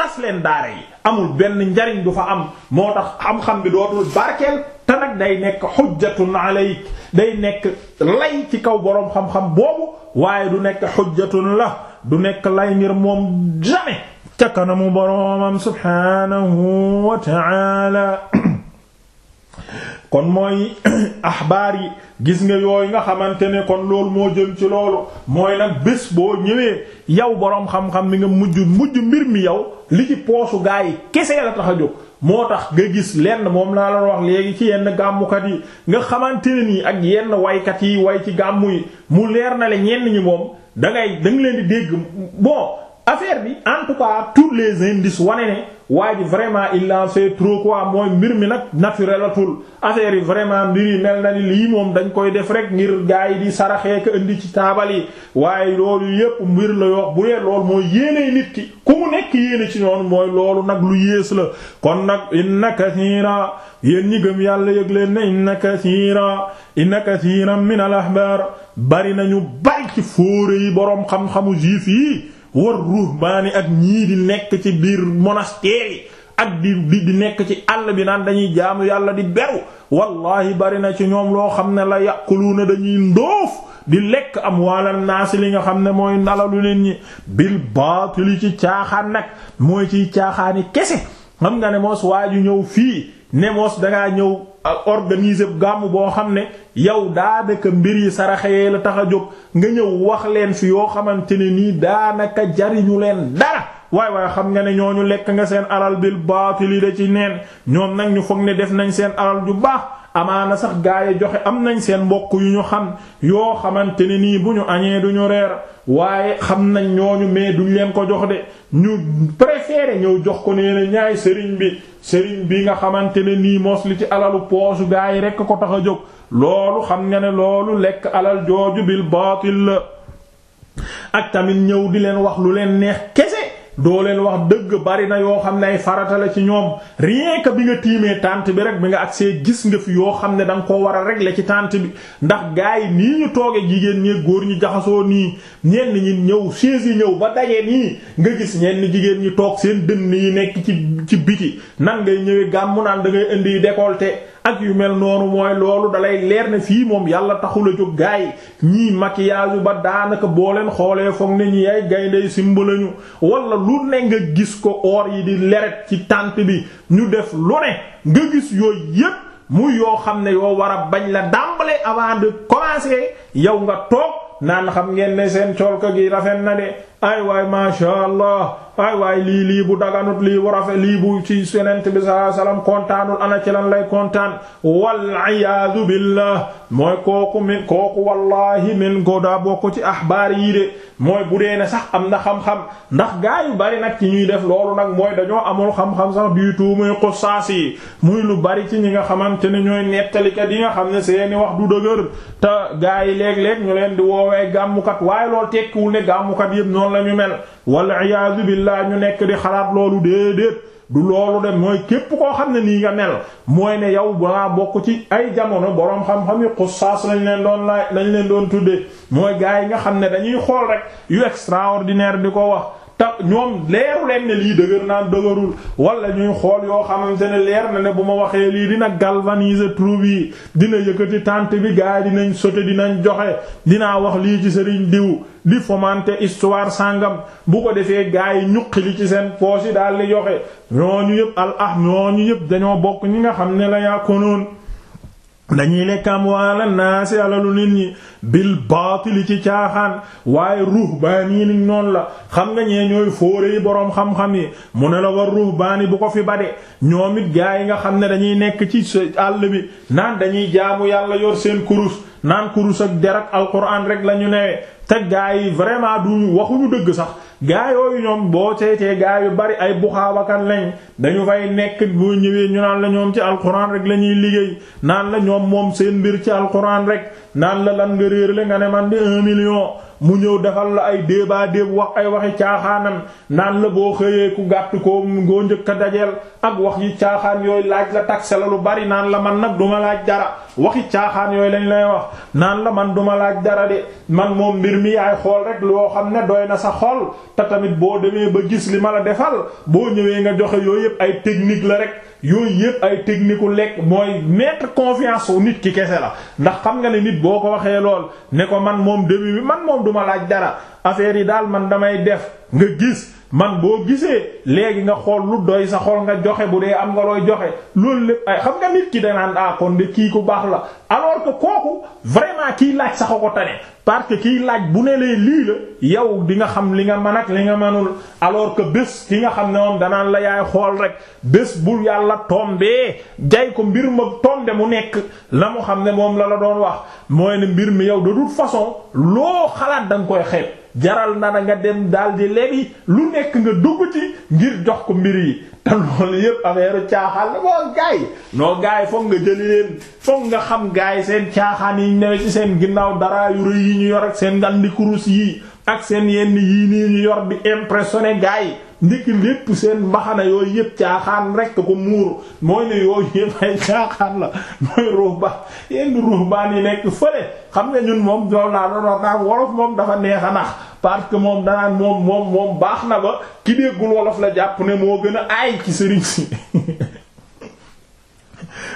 tas leen daara amul benn njariñ du fa am moo tax xam-xam bi dootul barkeel te nag day nekk xujjatun alayk day nekk lay ci kaw boroom xam-xam boobu waaye du nekk xujjatun la du nekk lay ngir moom jamais ca kanamu boroomam subhanahu wa ta'ala kon mooy axbaar yi gis nga yooyu nga xamante ne kon loolu moo jëm ci loolu mooy nag bés boo ñëwee yow boroom xam-xam mi nga mujj mujj mbir mi yow li ci poosu gaa yi kese la tax a jóg moo tax nga gis lenn moom laa la wax léegi ci yenn gàmmukat yi nga xamante ne nii ak yenn waykat yi way ci gàmmu yi mu leer na le ñenn ñi moom dangay ngay leen di dégg bon. affaire bi en tout cas tous les indices wane ne waa ji vraiment il en fait trop quoi mooy mbir mi nag naturel atul yi vraiment mbir yi mel na lii moom dañ koy def rek ngir gaa yi di saraxee ko indi ci taabal yi waaye loolu yépp mbir la yoo bu dee mooy yéene nit ku nekk yéene ci noonu mooy loolu nag lu yées la kon nag inna kathiira yéen ñi gëm yàlla yëg na ne inna kathiira inna kathiiran min al ahbar bari nañu bari ci fóore yi boroom xam-xamu juif yi war ruhbaani ak ñii di nekk ci biir monastère yi ak di di nekk ci àll bi naan dañuy jaamu yàlla di beru wallahi bari na ci ñoom loo xam ne la yàquluuna dañuy ndóof di lekk am waalal naasi li nga xam ne mooy nalalu leen ñi bil baatili ci caaxaan nag mooy ciy caaxaani kese xam nga ne moos ñëw fii ne dangaa ñëw ak organiser gàmm boo xam ne yow daanaka mbir yi saraxee la tax a jóg nga ñëw wax leen fi yoo xamante ne nii daanaka jariñu leen dara waaye waaye xam nga ne ñu lekk nga seen alal bil lii da ci neen ñoom nag ñu foog ne def nañ seen alal ju baax amaana sax gaa yi joxe am nañ seen mbokk yu ñu xam yoo xamante ne nii bu ñu añee du ñu reer waaye xam nañ ñooñu mais duñ leen ko jox de ñu préféré ñëw jox ko nee na ñaay sëriñ bi sëriñ bi nga xamante ne nii mos li ci alalu poosu gaa yi rekk a ko tax a jóg loolu xam nga ne loolu lekk alal jooju bil baatil la ak tamit ñëw di leen wax lu leen neex kese doo leen wax dëgg bari na yoo xam ne ay farata ci ñoom rien que bi nga tiimee tànt bi rek bi nga agsee gis nga fi yoo xam ne da nga koo war a régler ci tànt bi ndax gars yi nii ñu tooge jigéen ñi góor ñi jaxasoo nii ñenn ñi ñëw chaise yi ñëw ba dajee nii nga gis ñenn jigéen ñi toog seen dënn yi nekk ci ci biti nan ngay ñëwee gàmmu naan da ngay indi décolleté ak yu mel noonu mooy loolu dalay leer ne fii moom yàlla taxul a jóg gaay ñii maquillage ba daanaka boo leen xoolee foog ne ñi ay gaynde simba lañu wala lu ne nga gis ko or yi di leret ci tànt bi ñu def lu ne nga gis yooyu yépp muy yoo xam ne yoo war a bañ la dàmbale avant de commencer yow nga toog naan xam ngeen ne seen colka gi rafet na de ay waay masha allah ay waay lii lii bu daganut lii bu rafet lii bu ci senent bi sa alayhi wasallam kontaanul ana ci lan lay kontaan wal iyaadu billah mooy kooku min kooku wallahi min ko daa bokk ci axbaar yii de mooy bu dee ne sax am na xam-xam ndax gaa yu bari nag ci ñuy def loolu nag mooy dañoo amul xam-xam sax du tout muy xusaas yi muy lu bari ci ñi nga xamante ne ñooy nettalikat yi nga xam ne seeni wax du dëgër te gaa yi léeg-léeg ñu leen di woowee gàmmukat waaye noonu la ñu mel wal iyaadu billah ñu nekk di xalaat loolu déedéet du loolu de mooy képp koo xam ne nii nga mel mooy ne yow balaa bokk ci ay jamono boroom xam-xam yi xussaas lañ leen doon laaj lañ leen doon tuddee mooy gaa yi nga xam ne dañuy xool rek yu extraordinaire di ko wax. ta ñoom leeru leen ne lii dëgër naan dëgërul wala ñuy xool yoo xamante ne leer na ne bu ma waxee lii dina galvaniser troupe yi dina yëkkati tànt bi gaa gaay dinañ sote dinañ joxe dinaa wax lii ci sëriñ diw di fomenter histoire sàngam bu ko defee gaay yi ñuqi li ci seen poche yi daal di joxe ñooñu yëpp al ah ñooñu yëpp dañoo bokk ñi nga xam ne la yaa konoon dañuy lekk amwaala naasi alalu nit ñi bil baatili ci caaxaan waaye ruhbaani ni noon la xam nga ñee ñooy fóore yi boroom xam-xam yi mu ne la war ruhbaani bu ko fi bade ñoom it gaa yi nga xam ne dañuy nekk ci àll bi naan dañuy jaamu yàlla yor seen kurus naan kurus ak der ak alquran la ñu newee te gaa yi vraiment duñu waxuñu dëgg sax gaa yooyu ñoom boo seetee gaa yu bari ay buxaabakan lañ dañu fay nekk boo ñëwee ñu naan la ñoom ci alxuraan rek la ñuy liggéey naan la ñoom moom seen mbir ci alxuraan rek naan la lan nga réer le nga ne man di un mu ñëw defal la ay déebaa déeb wax ay waxi caaxaanam naan la boo xëyee ku gàtt koo ngoo njëkk a dajeel ak wax yi caaxaan yooyu laaj la taxe la lu bari naan la man nag duma laaj dara waxi caaxaan yooyu lañ lay wax naan la man duma laaj dara de man moom mbir mi yaay xool rek loo xam ne doy na sa xol te tamit boo demee ba gis li ma la defal boo ñëwee nga joxe yooyu yëpp ay technique la rek yooyu yëpp ay technique lekk mooy mettre confiance nit ki kese la ndax xam nga ne nit boo ko waxee lool ne ko man moom début bi duma laaj dara affaire yi daal man damay def nga gis man boo gisee léegi nga xool lu doy sa xool nga joxe bu dee am nga looy joxe loolu lépp ay xam nga nit ki danaan ah kon de kii ku baax la alors que kooku vraiment kiy laaj sax ko tane parce que kiy laaj bu ne lee lii la yow di nga xam li nga mën ak li nga mënul alors que bés ki nga xam ne moom danaan la yaay xool rek bés bu yàlla tombee jay ko mbir ma tombe mu nekk la mu xam ne moom la la doon wax mooy ne mbir mi yow de toute façon loo xalaat da koy xeeb. jaral na na nga dem daal di lebi lu nekk nga dugg ci ngir jox ko mbir yi te loolu yépp affaire caaxaan la boo gaay noo gaay foog nga jëli leen foog nga xam gaay seen caaxaan yi newe ci seen ginnaaw dara yu yi ñu yor ak seen ngandi kurus yi ak seen yenn yii nii ñu yor bi impressionné gaay ndiki lépp seen mbaxana yooyu yëpp caaxaan rekk ko muur mooy ne yooyu yëpp ay caaxaan la mooy ruuba yenn ruubaan yi nekk fële xam nga ñun moom loolu laa doon wax naan wolof moom dafa neex a nax parce que moom danaan moom moom moom baax na ba ki déggul wolof la jàpp ne moo gën a ay ci sëriñ si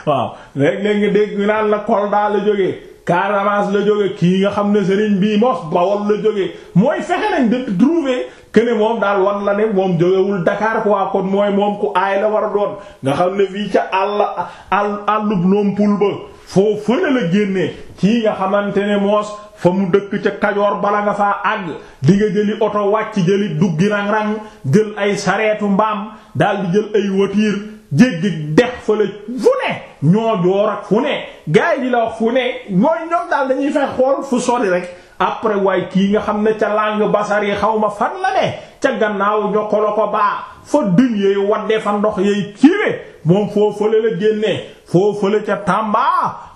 waaw léeg-léeg nga dégg naan la Kolda la jógee Casamance la jóge kii nga xam ne sëriñ bii mos Bawol la jógee mooy fexe nañ de trouver kene moom daal wan la ne moom jógewul Dakar quoi kon mooy moom ku aay la war a doon nga xam ne fii ca àll àll àllub nompul ba foo fële la génnee kii nga xamante ne moos fa mu dëkk ca Kajoor bala nga faa àgg di nga jëli oto wàcc jëli duggi rang-rang jël ay sareetu mbaam dal di jël ay watiir jéggi dex fële fu ne ñoo joor ak fu ne gars di la wax fu ne ñooy ñoom daal dañuy fex xool fu sori rek après waaye kii nga xam ne ca langue basari xaw ma fan la ne ca gannaaw jokkolo ko baa fa dun yey waddee fa ndox yey ciiwe moom foo fële la génnee foo fële ca Tamba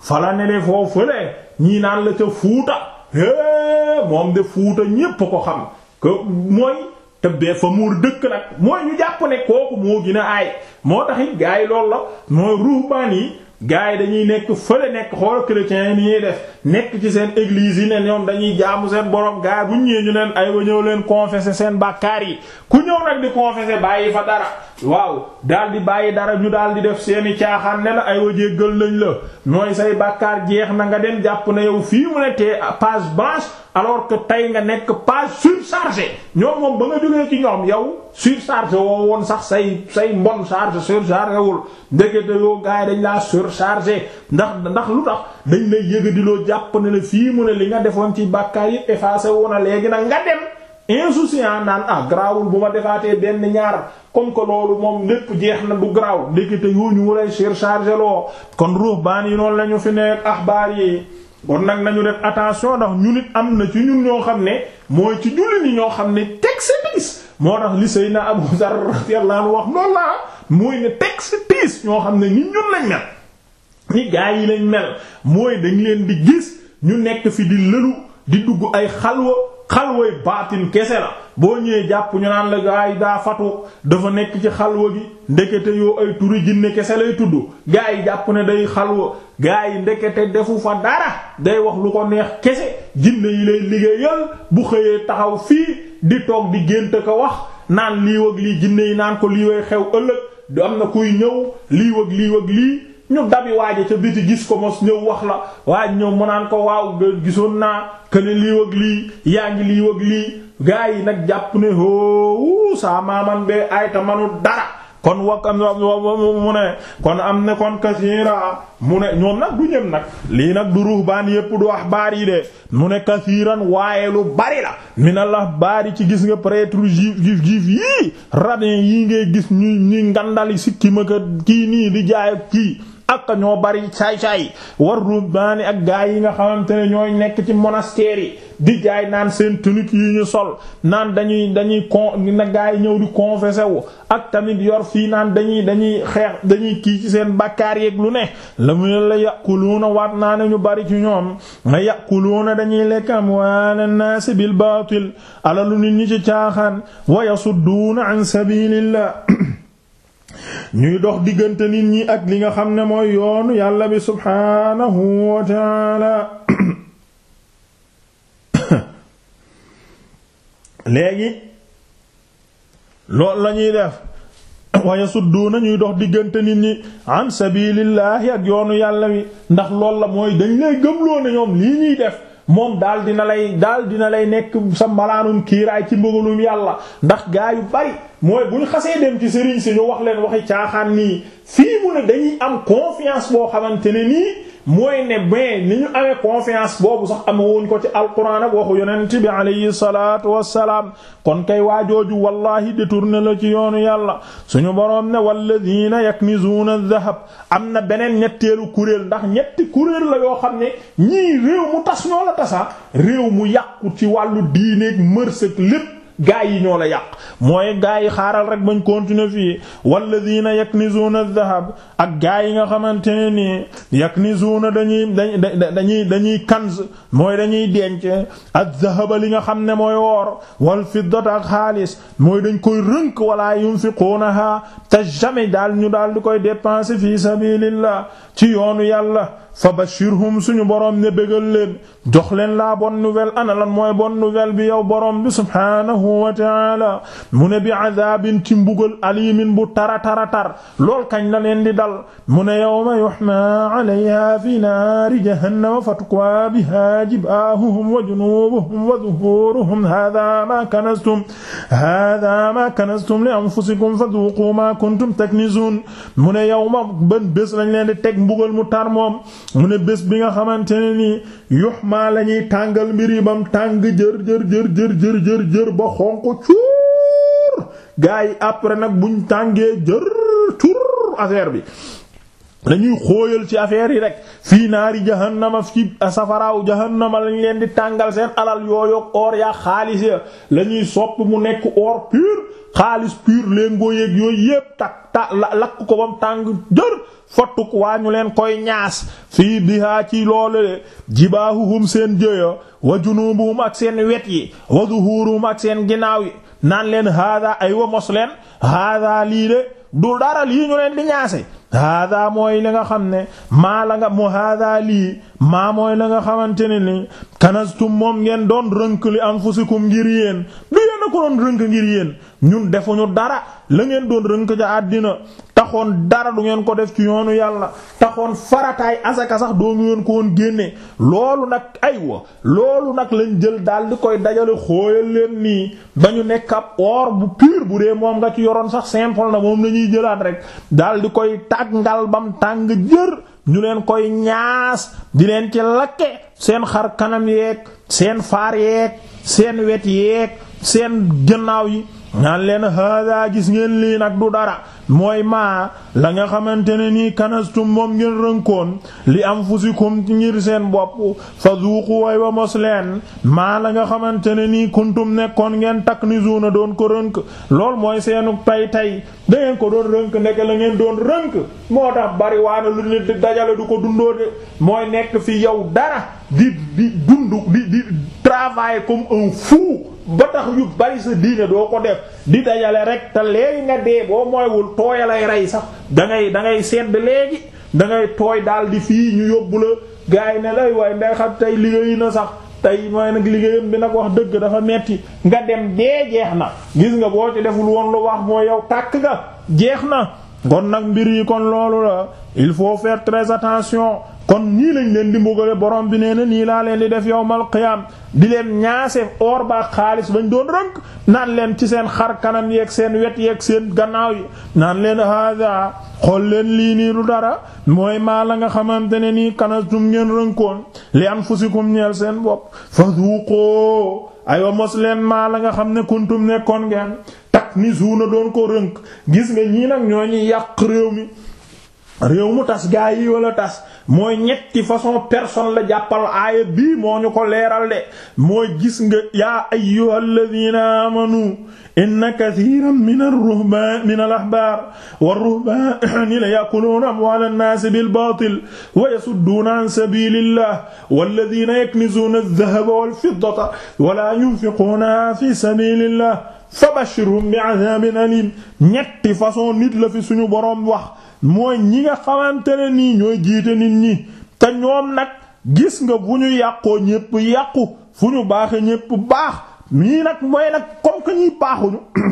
fala ne de foo fële ñii naan la ca Fuuta é moom de Fuuta ñépp ko xam que mooy te fa muur dëkk nag mooy ñu jàpp ne kooku moo gën aay moo taxit gaa yi loolu la mooy ruumaan yi gars yi dañuy nekk fële nekk xool chrétiens yi ni ñuy def nekk ci seen église yi ne ñoom dañuy jaamu seen borom gaa yi bu ñu ñëwee ñu leen ay wa ñëw leen confesser seen bàkkaar yi ku ñëw nag di confesser bàyyi fa dara waaw daal di bàyyi dara ñu daal di def seeni caaxaan ne la ay wa jéggal nañ la nooy say bàkkaar jeex na nga dem jàpp na yow fii mu ne tee page blanche alors que tey nga nekk page surchargée ñoom moom ba nga jógee ci ñoom yow surchargé woo woon sax say say mbon chargé surchargé wul ndekete yoo gars yi dañ laa surchargé ndax ndax lu tax dañ lay yëga di loo jàpp ne la fii mu ne li nga defoon ci bàkkaar yi effacé woon na léegi na nga dem insouciant naan ah garaawul bu ma defaatee benn ñaar comme que loolu moom lépp jeex na du garaaw ndekete yoo ñu lay surcharger loo kon ruhbaan yi noonu la ñu fi nekk ahbaar yi kon nag nañu def attention ndax ñu nit am na ci ñun ñoo xam ne mooy ci julli ni ñoo xam ne texte piis moo tax li Seydina Abu Zar radiyallahu anhu wax loolu la mooy ne texte piis ñoo xam ne ni ñun lañ mel ni gaa yi lañ mel mooy dañ leen di gis ñu nekk fi di dugg ay xalwa xalway baatin kese la boo ñëwee jàpp ñu naan la gaa yi daa fatu dafa nekk ci xalwa gi ndekete yoo ay turi jinne kese lay tudd gaa yi jàpp ne day xalwa gaa yi ndekete defu fa dara day wax lu ko neex kese jinne yi lay liggéeyal bu xëyee taxaw fii di toog di gént ko wax naan lii wëg lii jinne yi naan ko lii xew ëllëg du am na kuy ñëw lii wëg lii ñu dabi waaje ca biti gis ko mos ñëw wax la waaye ñëw mu naan ko waaw gisoon naa këne lii ak lii yaa ngi lii lii gaa yi nag jàpp ne hóowu saa maaman bee ay ta manul dara kon wa mu ne kon am ne kon kasiira mu ne ñoom nag du ñëpp nag lii nag du ruhbaan yépp du ahbaar yi de mu ne kasiiran waaye lu bari la minal ahbaar yi ci gis nga prêtre juif juif juif yii rabbin yii ngay gis ñuy ñuy ngandali sikki ma kii nii di jaay kii ak ñoo bari saay-saay war rubaani ak gaa yi nga xamante ne ñooy nekk ci monastères yi di jaay naan seen tunique yi ñu sol naan dañuy dañuy con na gaa yi ñëw di confessé wu ak tamit yor fii naan dañuy dañuy xeex dañuy kii ci seen bakkaar yëg lu ne la mu la yàquluuna waat naa ne ñu bari ci ñoom nga yàquluuna dañuy lekk amwaala naasi bil baatil alalu nit ñi ci caaxaan wa yasudduuna an sabiilillah ñuy dox diggante nit ñi ak li nga xam ne mooy yoonu yàlla bi subhaanahu wa taala léegi loolu lañuy def waaye na ñuy dox diggante nit ñi an sabilillahi ak yoonu yàlla wi ndax lool la mooy dañ lay gëmloo ne ñoom lii ñuy def moom daal dina lay daal dina lay nekk sa malaanum kiiraay ci mbugalum yàlla ndax gaa yu bari mooy bu ñu xasee dem ci sëriñ si ñu wax leen waxi caaxaan nii fii mu ne dañuy am confiance boo xamante ne nii mooy ne mais ni ñu amee confiance boobu sax am woon ko ci alquran ak waxu yonent bi alayhi salaatu wassalaam kon kay waajooju wallahi détourné la ci yoonu yàlla suñu boroom ne walladina yaknizuuna adh-dhahab am na beneen ñetteelu kuréel ndax ñetti kuréel la yoo xam ne ñii réew mu tas ñoo la tasa réew mu yàqu ci wàllu diineeg mërsëg lépp gaa yi ñoo la yàq mooy gaa yi xaaral rek bañ continuer fii walladina yaknizuna adh-dhahab ak gaa yi nga xamante ne nii yaknizuna dañuy dañuy dañuy kanz mooy dañuy denc adh-dhahaba li nga xam ne mooy woor wal fiddata ak xaalis mooy dañ koy rënk wala yunfiqunaha te jamais daal ñu daal di koy dépenser fi sabilillah ci yoonu yàlla fa bashirhum suñu borom ne bégal leen jox leen la bonne nouvelle ana lan mooy bonne nouvelle bi yow borom bi subhaanahu wa taala mu ne bi adaabin ci mbugal alimin bu tara tara tar lool kañ la leen di dal mu ne yawma yuhma alayha fi naari jahannama fatukwa biha jibaahuhum wa junubuhum wa zuhuruhum hada ma kanastum hada ma kanastum li anfusikum fadhuqu ma kuntum taknizun mu ne yawma ban bés lañ leen di teg mbugal mu tar moom mu ne bés bi nga xamante ne nii yuxmaa la ñuy tàngal mbir yi bam tàng jër jër jër jër jër jër ba xonq cuur gaa yi après nag buñ tàngee jër tur affaire bi dañuy xooyal ci affaire yi rek fii naari jahannama ci safaraaw jahannama lañ leen di tàngal seen alal yooyoog or yaa xaalis ya la ñuy sopp mu nekk or pur xaalis pur léngooyeeg yooyu yépp takk ta lakk ko bam tàng jër fottuk waa ñu leen koy ñaas fii bihaa ci loolu de jibaahuhum seen jëya wa junuubuhum ak seen wet yi wa zuhuuruhum ak seen ginnaaw yi naan leen haada ay wa mos leen haada lii de du dara lii leen di ñaase haada mooy li nga xam ne maa nga mu haada lii maa mooy la nga xamante ne ni kanastum moom ngeen doon rënk li am fusikum ngir yéen lu yéen a ko rënk ngir yéen ñun defuñu dara la ngeen doon rënk ca àddina taxoon dara du ngeen ko def ci yoonu yàlla taxoon farataay asaka sax doo ngeen ko woon génne loolu nag aywa loolu nag lañ jël daal di koy dajale xooyal leen nii ba ñu nekk ab or bu pur bu dee moom nga ci yoroon sax simple na moom la ñuy jëlaat rek daal di koy tàggal bam tàng jër ñu leen koy ñaas di leen ci lakke seen xar kanam yeeg seen faar yeeg seen wet yeeg seen gannaaw yi ñaan leen hada gis ngeen lii nag du dara mooy maa la nga xamante ne nii kanastum moom ngeen rënkoon li am fusikum ngir seen bopp fa zuuqu way wa mos leen maa la nga xamante ne nii kuntum nekkoon ngeen takk ni zuuna doon ko rënk lool mooy seenu tay tay da ko doon rënk nekk la ngeen doon rënk moo tax bari waana lu nit dajale du ko dundoo de mooy nekk fi yow dara di di dund di di travailler comme un ba tax yu bari sa diine doo ko def di dajale rek te léegi nga dee boo mooywul tooya lay rey sax da ngay da ngay sedd léegi dangay tooy daal di fii ñu yóbbu la gars yi ne lay waaye nday xam tey liggéey na sax tey mooy nag liggéeyam bi nag wax dëgg dafa metti nga dem dee jeex na gis nga boo ci deful woon lu wax mooy yow tàkk nga jeex na kon nag mbir yi kon loolu la il faut faire très attention kon nii lañ leen di mbugale borom bi nee na nii laa leen di def yowmal qiyam di leen ñaase or ba xaalis bañ doon rënk naan leen ci seen xar kanam yeeg seen wet yeeg seen gannaaw yi naan leen hada xool leen lii nii du dara mooy maa la nga xamante ne nii kanastum ngeen rënkoon li anfusikum ñeel seen bopp fazuqoo aywa mos leen maa la nga xam ne kuntum nekkoon ngeen tak ni suuna doon ko rënk gis nga ñii na ñoo ñuy réew mi réew mu tas gaa yi wala tas mooy ñetti façon personne la jàppal aaya bii moo ñu ko leeral de mooy gis nga yaa ayyuhal ladina amanu inna kathiran min ar-ruhban min al-ahbar war-ruhbani la ya'kuluna amwal an-nas bil batil wa yasudduna an sabilillah walladina yaknizuna adh-dhahaba wal-fiddata wa la yunfiquna fi sabilillah fa bashirhum bi adhabin alim ñetti façon nit la fi suñu boroom wax mooy ñi nga xamante ne nii ñooy jiite nit ñi te ñoom nag gis nga bu ñu yàqoo ñépp yàqu fu ñu baaxee ñépp baax ñii nag mooy nag comme que ñuy baaxuñu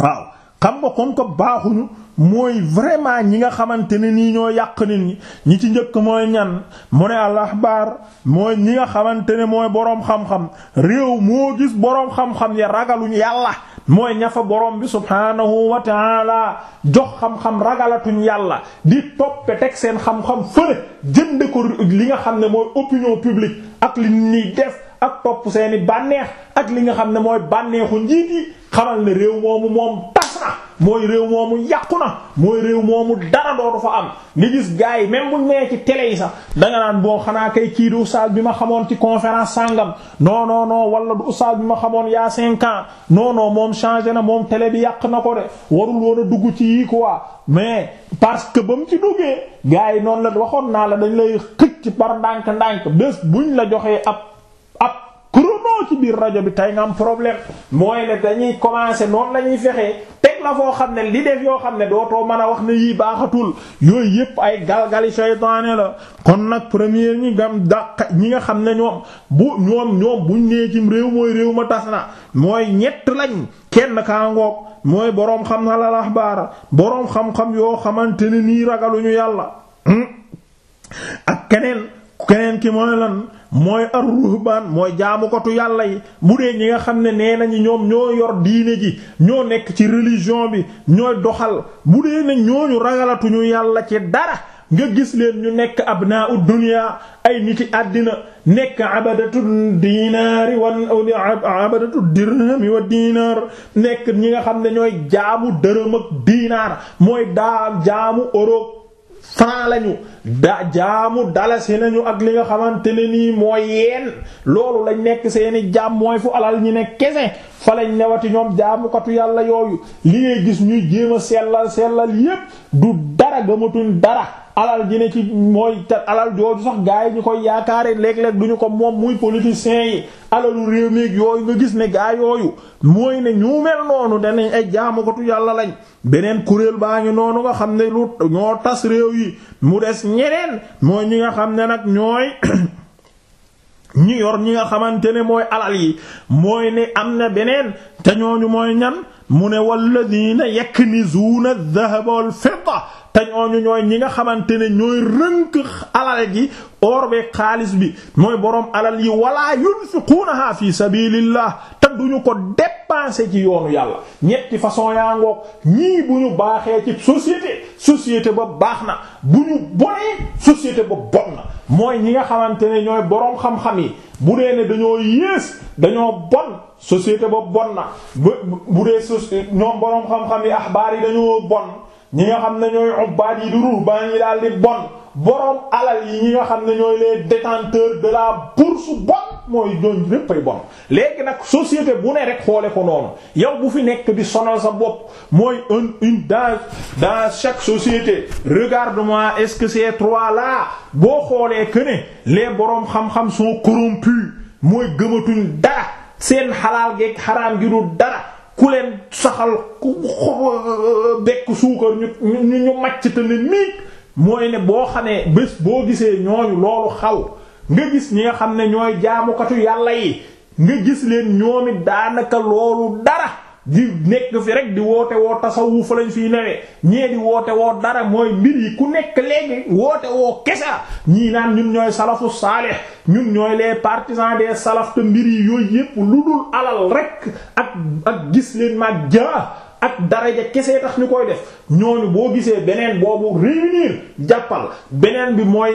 waaw xam nga comme que baaxuñu mooy vraiment ñi nga xamante ne nii ñoo yàq ni ñi ñi ci njëkk mooy ñan mu ne al ahbaar mooy ñi nga xamante ne mooy boroom xam-xam réew moo gis boroom xam-xam ya ragaluñu yàlla mooy ñafa boroom bi subhaanahu wa taala jox xam-xam ragalatuñ yàlla di toppe teg seen xam-xam fële jënd ko li nga xam ne mooy opinion publique ak li ñuy def ak topp seeni bànneex ak li nga xam ne mooy bànneexu njiit yi xamal ne réew moomu moom tas na mooy réew moomu yàqu na mooy réew moomu dara dootu fa am nga gis gars yi même buñ nee ci télé yi sax danga naan boo xanaa kay kii du ustaas bi ma xamoon ci conférence sàngam non non non wala du ma xamoon yaa cinq ans moom changé na moom télé bi yàq na ko de warul woon a dugg ci yii quoi mais parce que ba mu ci duggee gars yi noonu la waxoon naa la dañ lay xëcc par ndànk-ndànk bés buñ la joxee ab. boo ci biir rajo bi tey nga am problème mooy ne dañuy commencer noonu la ñuy fexee teg la foo xam ne li def yoo xam ne dootoo mën a wax ne yii baaxatul yooyu yépp ay galgali shaytaane la kon nag première ñi gam dàq ñi nga xam ne ñoom bu ñoom ñoom buñ nee cim réew mooy réew ma tas na mooy ñett lañ kenn kaa ngoog mooy boroom xam na la axbaara boroom xam-xam yoo xamante ni nii ragaluñu yàlla hmm? ak keneen ki mooy lan mooy ar-ruhbaan mooy jaamukatu yàlla yi bu dee ñi nga xam ne nee nañu ñoom ñoo yor diine ji ñoo nekk ci religion bi ñooy doxal bu dee ne ñooñu ragalatuñu yàlla ci dara nga gis leen ñu nekk abnaa'u dunya ay nit yi àddina nekk abadatu dinaari wan abadatu dirhami wa dinaar nekk ñi nga xam ne ñooy jaamu dërëm ak dinaar mooy daa jaamu euro franc lañu da jaamu dalasi nañu ak li nga xamante ne nii mooy yeen loolu lañ nekk seeni jaam mooy fu alal ñi ne kese fa lañ newati ñoom jaamukatu yàlla yooyu li ngay gis ñuy jéem a sellal sellal yépp du dara gëmatuñ dara alal ji ne ci mooy te alal jooju sax gars yi ñu koy yaakaare léeg-léeg duñu ko moom muy politiciens yi alalu réew mi yooyu nga gis ne gaa yooyu mooy ne ñu mel noonu danañ ay jaamukatu yàlla lañ beneen kuréel baa ngi noonu nga xam ne lu ñoo tas réew yi mu des ñeneen mooy ñi nga xam ne nag ñooy ñi yor ñi nga xamante ne mooy alal yi mooy ne am na beneen te ñooñu mooy ñan mu ne walla walladina yaknizuuna dhahaba wal fidda te ñooñu ñooy ñi nga xamante ne ñooy rënk alal gi or xaalis bi mooy boroom alal yi wala yunfiqunaha fi sabilillah te duñu ko dépenser ci yoonu yàlla ñetti façon yaa ngoog ñii bu ñu baaxee ci société société ba baax na bu ñu bonee société ba bon na mooy ñi nga xamante ne ñooy boroom xam-xam yi bu dee ne dañoo yées dañoo bon société ba bon na bu dee ñoo boroom xam-xam yi axbaar yi dañoo bon ñi nga xam ne ñooy ubbaat yi di ruhbaan yi daal di bon boroom alal yi ñi nga xam nañooy ñooy les détenteurs de la bourse bon mooy ñooñ léppay bon léegi nag société bu ne rek xoole ko noonu yow bu fi nekk di sonal sa bopp mooy un une dans dans chaque société regarde-moi est-ce que ces trois là boo xoolee que ne les boroom xam-xam sont corrompus mooy gëmatuñ dara seen xalaal geeg xaraam gi du dara ku leen saxal ku bekk suukar ñu ñu ñu màcc te ne miig mooy ne boo xamee bés boo gisee ñooñu loolu xaw nga gis ñi nga xam ne ñooy jaamukatu yàlla yi nga gis leen ñoom it daanaka loolu dara di nekk fi rek di woote woo tasawuf lañ fiy newee ñee di woote woo dara mooy mbir yi ku nekk léegi woote woo kesa ñii naan ñun ñooy salafu saalih ñun ñooy les partisans des salaf te mbir yi yooyu yépp lu dul alal rek ak ak gis leen mag ja ak daraja kese tax ñu koy def ñooñu boo gisee beneen boobu réunir jàppal beneen bi mooy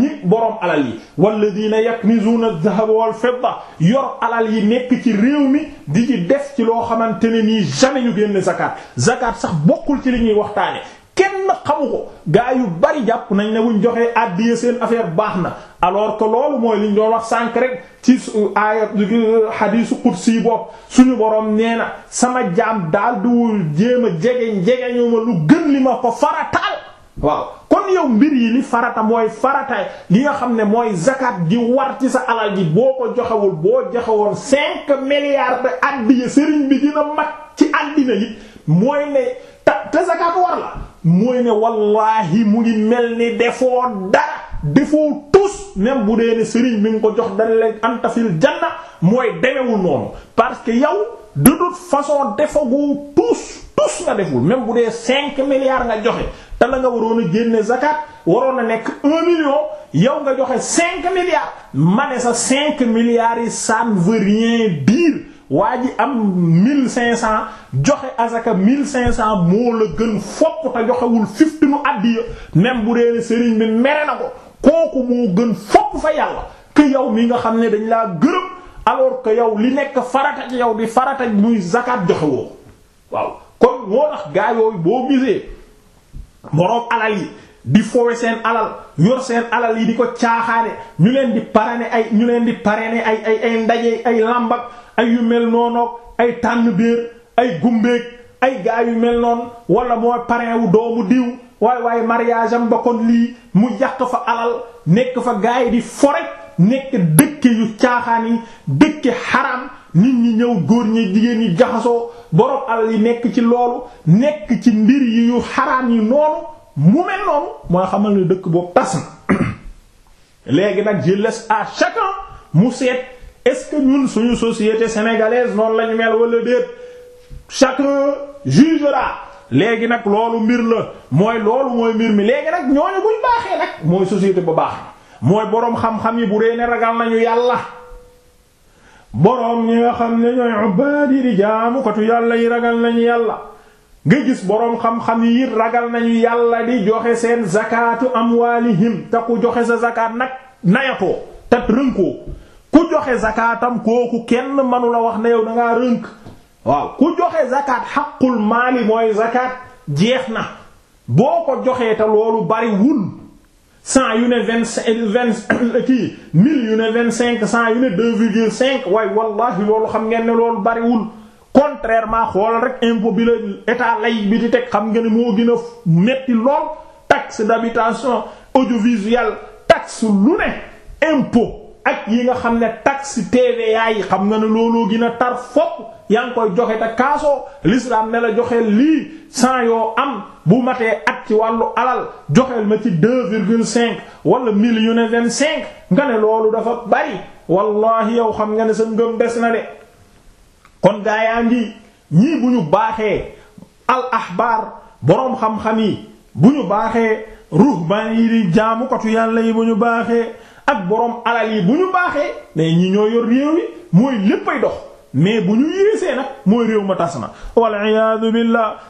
ñi boroom alal yi walla walladina yaknizuna adh-dhahaba wal fidda yor alal yi nekk ci réew mi di ci def ci loo xamante ne nii jamais ñu génn zakat zakat sax bokkul ci li ñuy waxtaane kenn xamu ko gaa yu bari jàpp nañ ne buñ joxee àddiya seen affaire baax na alors que loolu mooy liñ doon wax sànk rek su euh, aaya xadiisu euh, qudsi bopp suñu boroom nee na sama jaam daal duwul jéem a jegeñ jegeñu ma lu gën li ma ko farataal waaw kon yow mbir yi li farata mooy farataay gi nga xam ne mooy zakat gi war ci sa alal ji boo ko joxewul boo joxewoon cinq milliards de àddiya sëriñ bi dina mat ci àddina yi mooy ne te te zakat war la mooy ne wallaahi mu ngi mel ni defoo dara defoo tus même bu dee ne sëriñ mi ngi ko jox dana leen antafil janna mooy demewul noonu parce que yow de toute façon defagoo tus tus nga deful même bu dee cinq milliards nga joxe te la nga waroon a génne zakat waroon a nekk un million yow nga joxe cinq milliards ma ne sa cinq milliards yi ça ne veut waa ji am mille cinq cent joxe azaka mille cinq cent moo la gën fokk te joxewul fifty nu àddiya même bu dee ne sëriñ bi mere na ko kooku moo gën fokk fa yàlla que yow mi nga xam ne dañ laa gërëm alors que yow li nekk farata ci yow di farata muy zakat joxe woo waaw kon moo tax gaa yooyu boo gisee boroom alal yi di fowe seen alal yor seen alal yi di ko caaxaane ñu leen di parrainer ay ñu leen di parrainer ay ay ay ndaje ay làmbak ay yu mel noonoog ay tànn biir ay gumbeeg ay gaa yu mel noonu wala mooy parrain wu doomu diw waaye waaye mariage am ba kon lii mu yàq fa alal nekk fa gaa yi di forêt nekk dëkk yu caaxaan yi dëkk xaram nit ñi ñëw góor ñi jigéen ñi jaxasoo borom alal yi nekk ci loolu nekk ci mbir yi yu xaraam yi noonu mu mel noonu mooy xamal ne dëkk boobu tas na léegi nag je laisse à chacun mu seet. est-ce que ñun suñu société sénégalaise noonu lañu mel wala déet chacun jugera léegi nag loolu mbir la mooy loolu mooy mbir mi léegi nag ñooñu buñ baaxee nag mooy société bu baax mooy boroom xam-xam yi bu dee ragal nañu yàlla boroom ñi xam ne ñooy ubaadi jaamukatu yàlla yi ragal nañu yàlla nga gis boroom xam-xam yi ragal nañu yàlla di joxe seen zakatu amwaalihim te ku joxe sa zakat nag nayatoo te rënkoo ku joxe zakaatam kooku kenn manu la wax ne yow da rënk waaw ku joxe zakat xaqul maali mooy zakat jeex na boo ko joxee te loolu bari wul yu ne vingt vingt kii mille yu ne vingt cinq cent yu ne deux virgule cinq waaye wallahi loolu xam ngeen ne loolu bariwul contrairement xoolal rek impôt bi la état lay bi di teg xam ngeen ne moo gën a metti lool taxe d'habitation audiovisuelle taxe lu ne impôt ak yi nga xam ne taxe TVA yi xam nga ne looloo gën a tar fopp yaa koy joxe te kaasoo l'islam ne la joxeel lii sans yoo am bu matee ak ci wàllu alal joxeel ma ci deux virgule cinq wala million et vingt cinq nga ne loolu dafa bari wallahi yow xam nga ne sa ngëm des na de kon gaa yaa ngi ñii bu ñu baaxee al ahbar boroom xam-xam yi bu ñu baaxee ruhban yi di jaamukatu yàlla yi bu ñu baaxee ak borom alal yi bu ñu baaxee mais ñi ñoo yor réew yi mooy léppay dox mais bu ñu yéesee nag mooy réew ma tas na wal iyaadu billah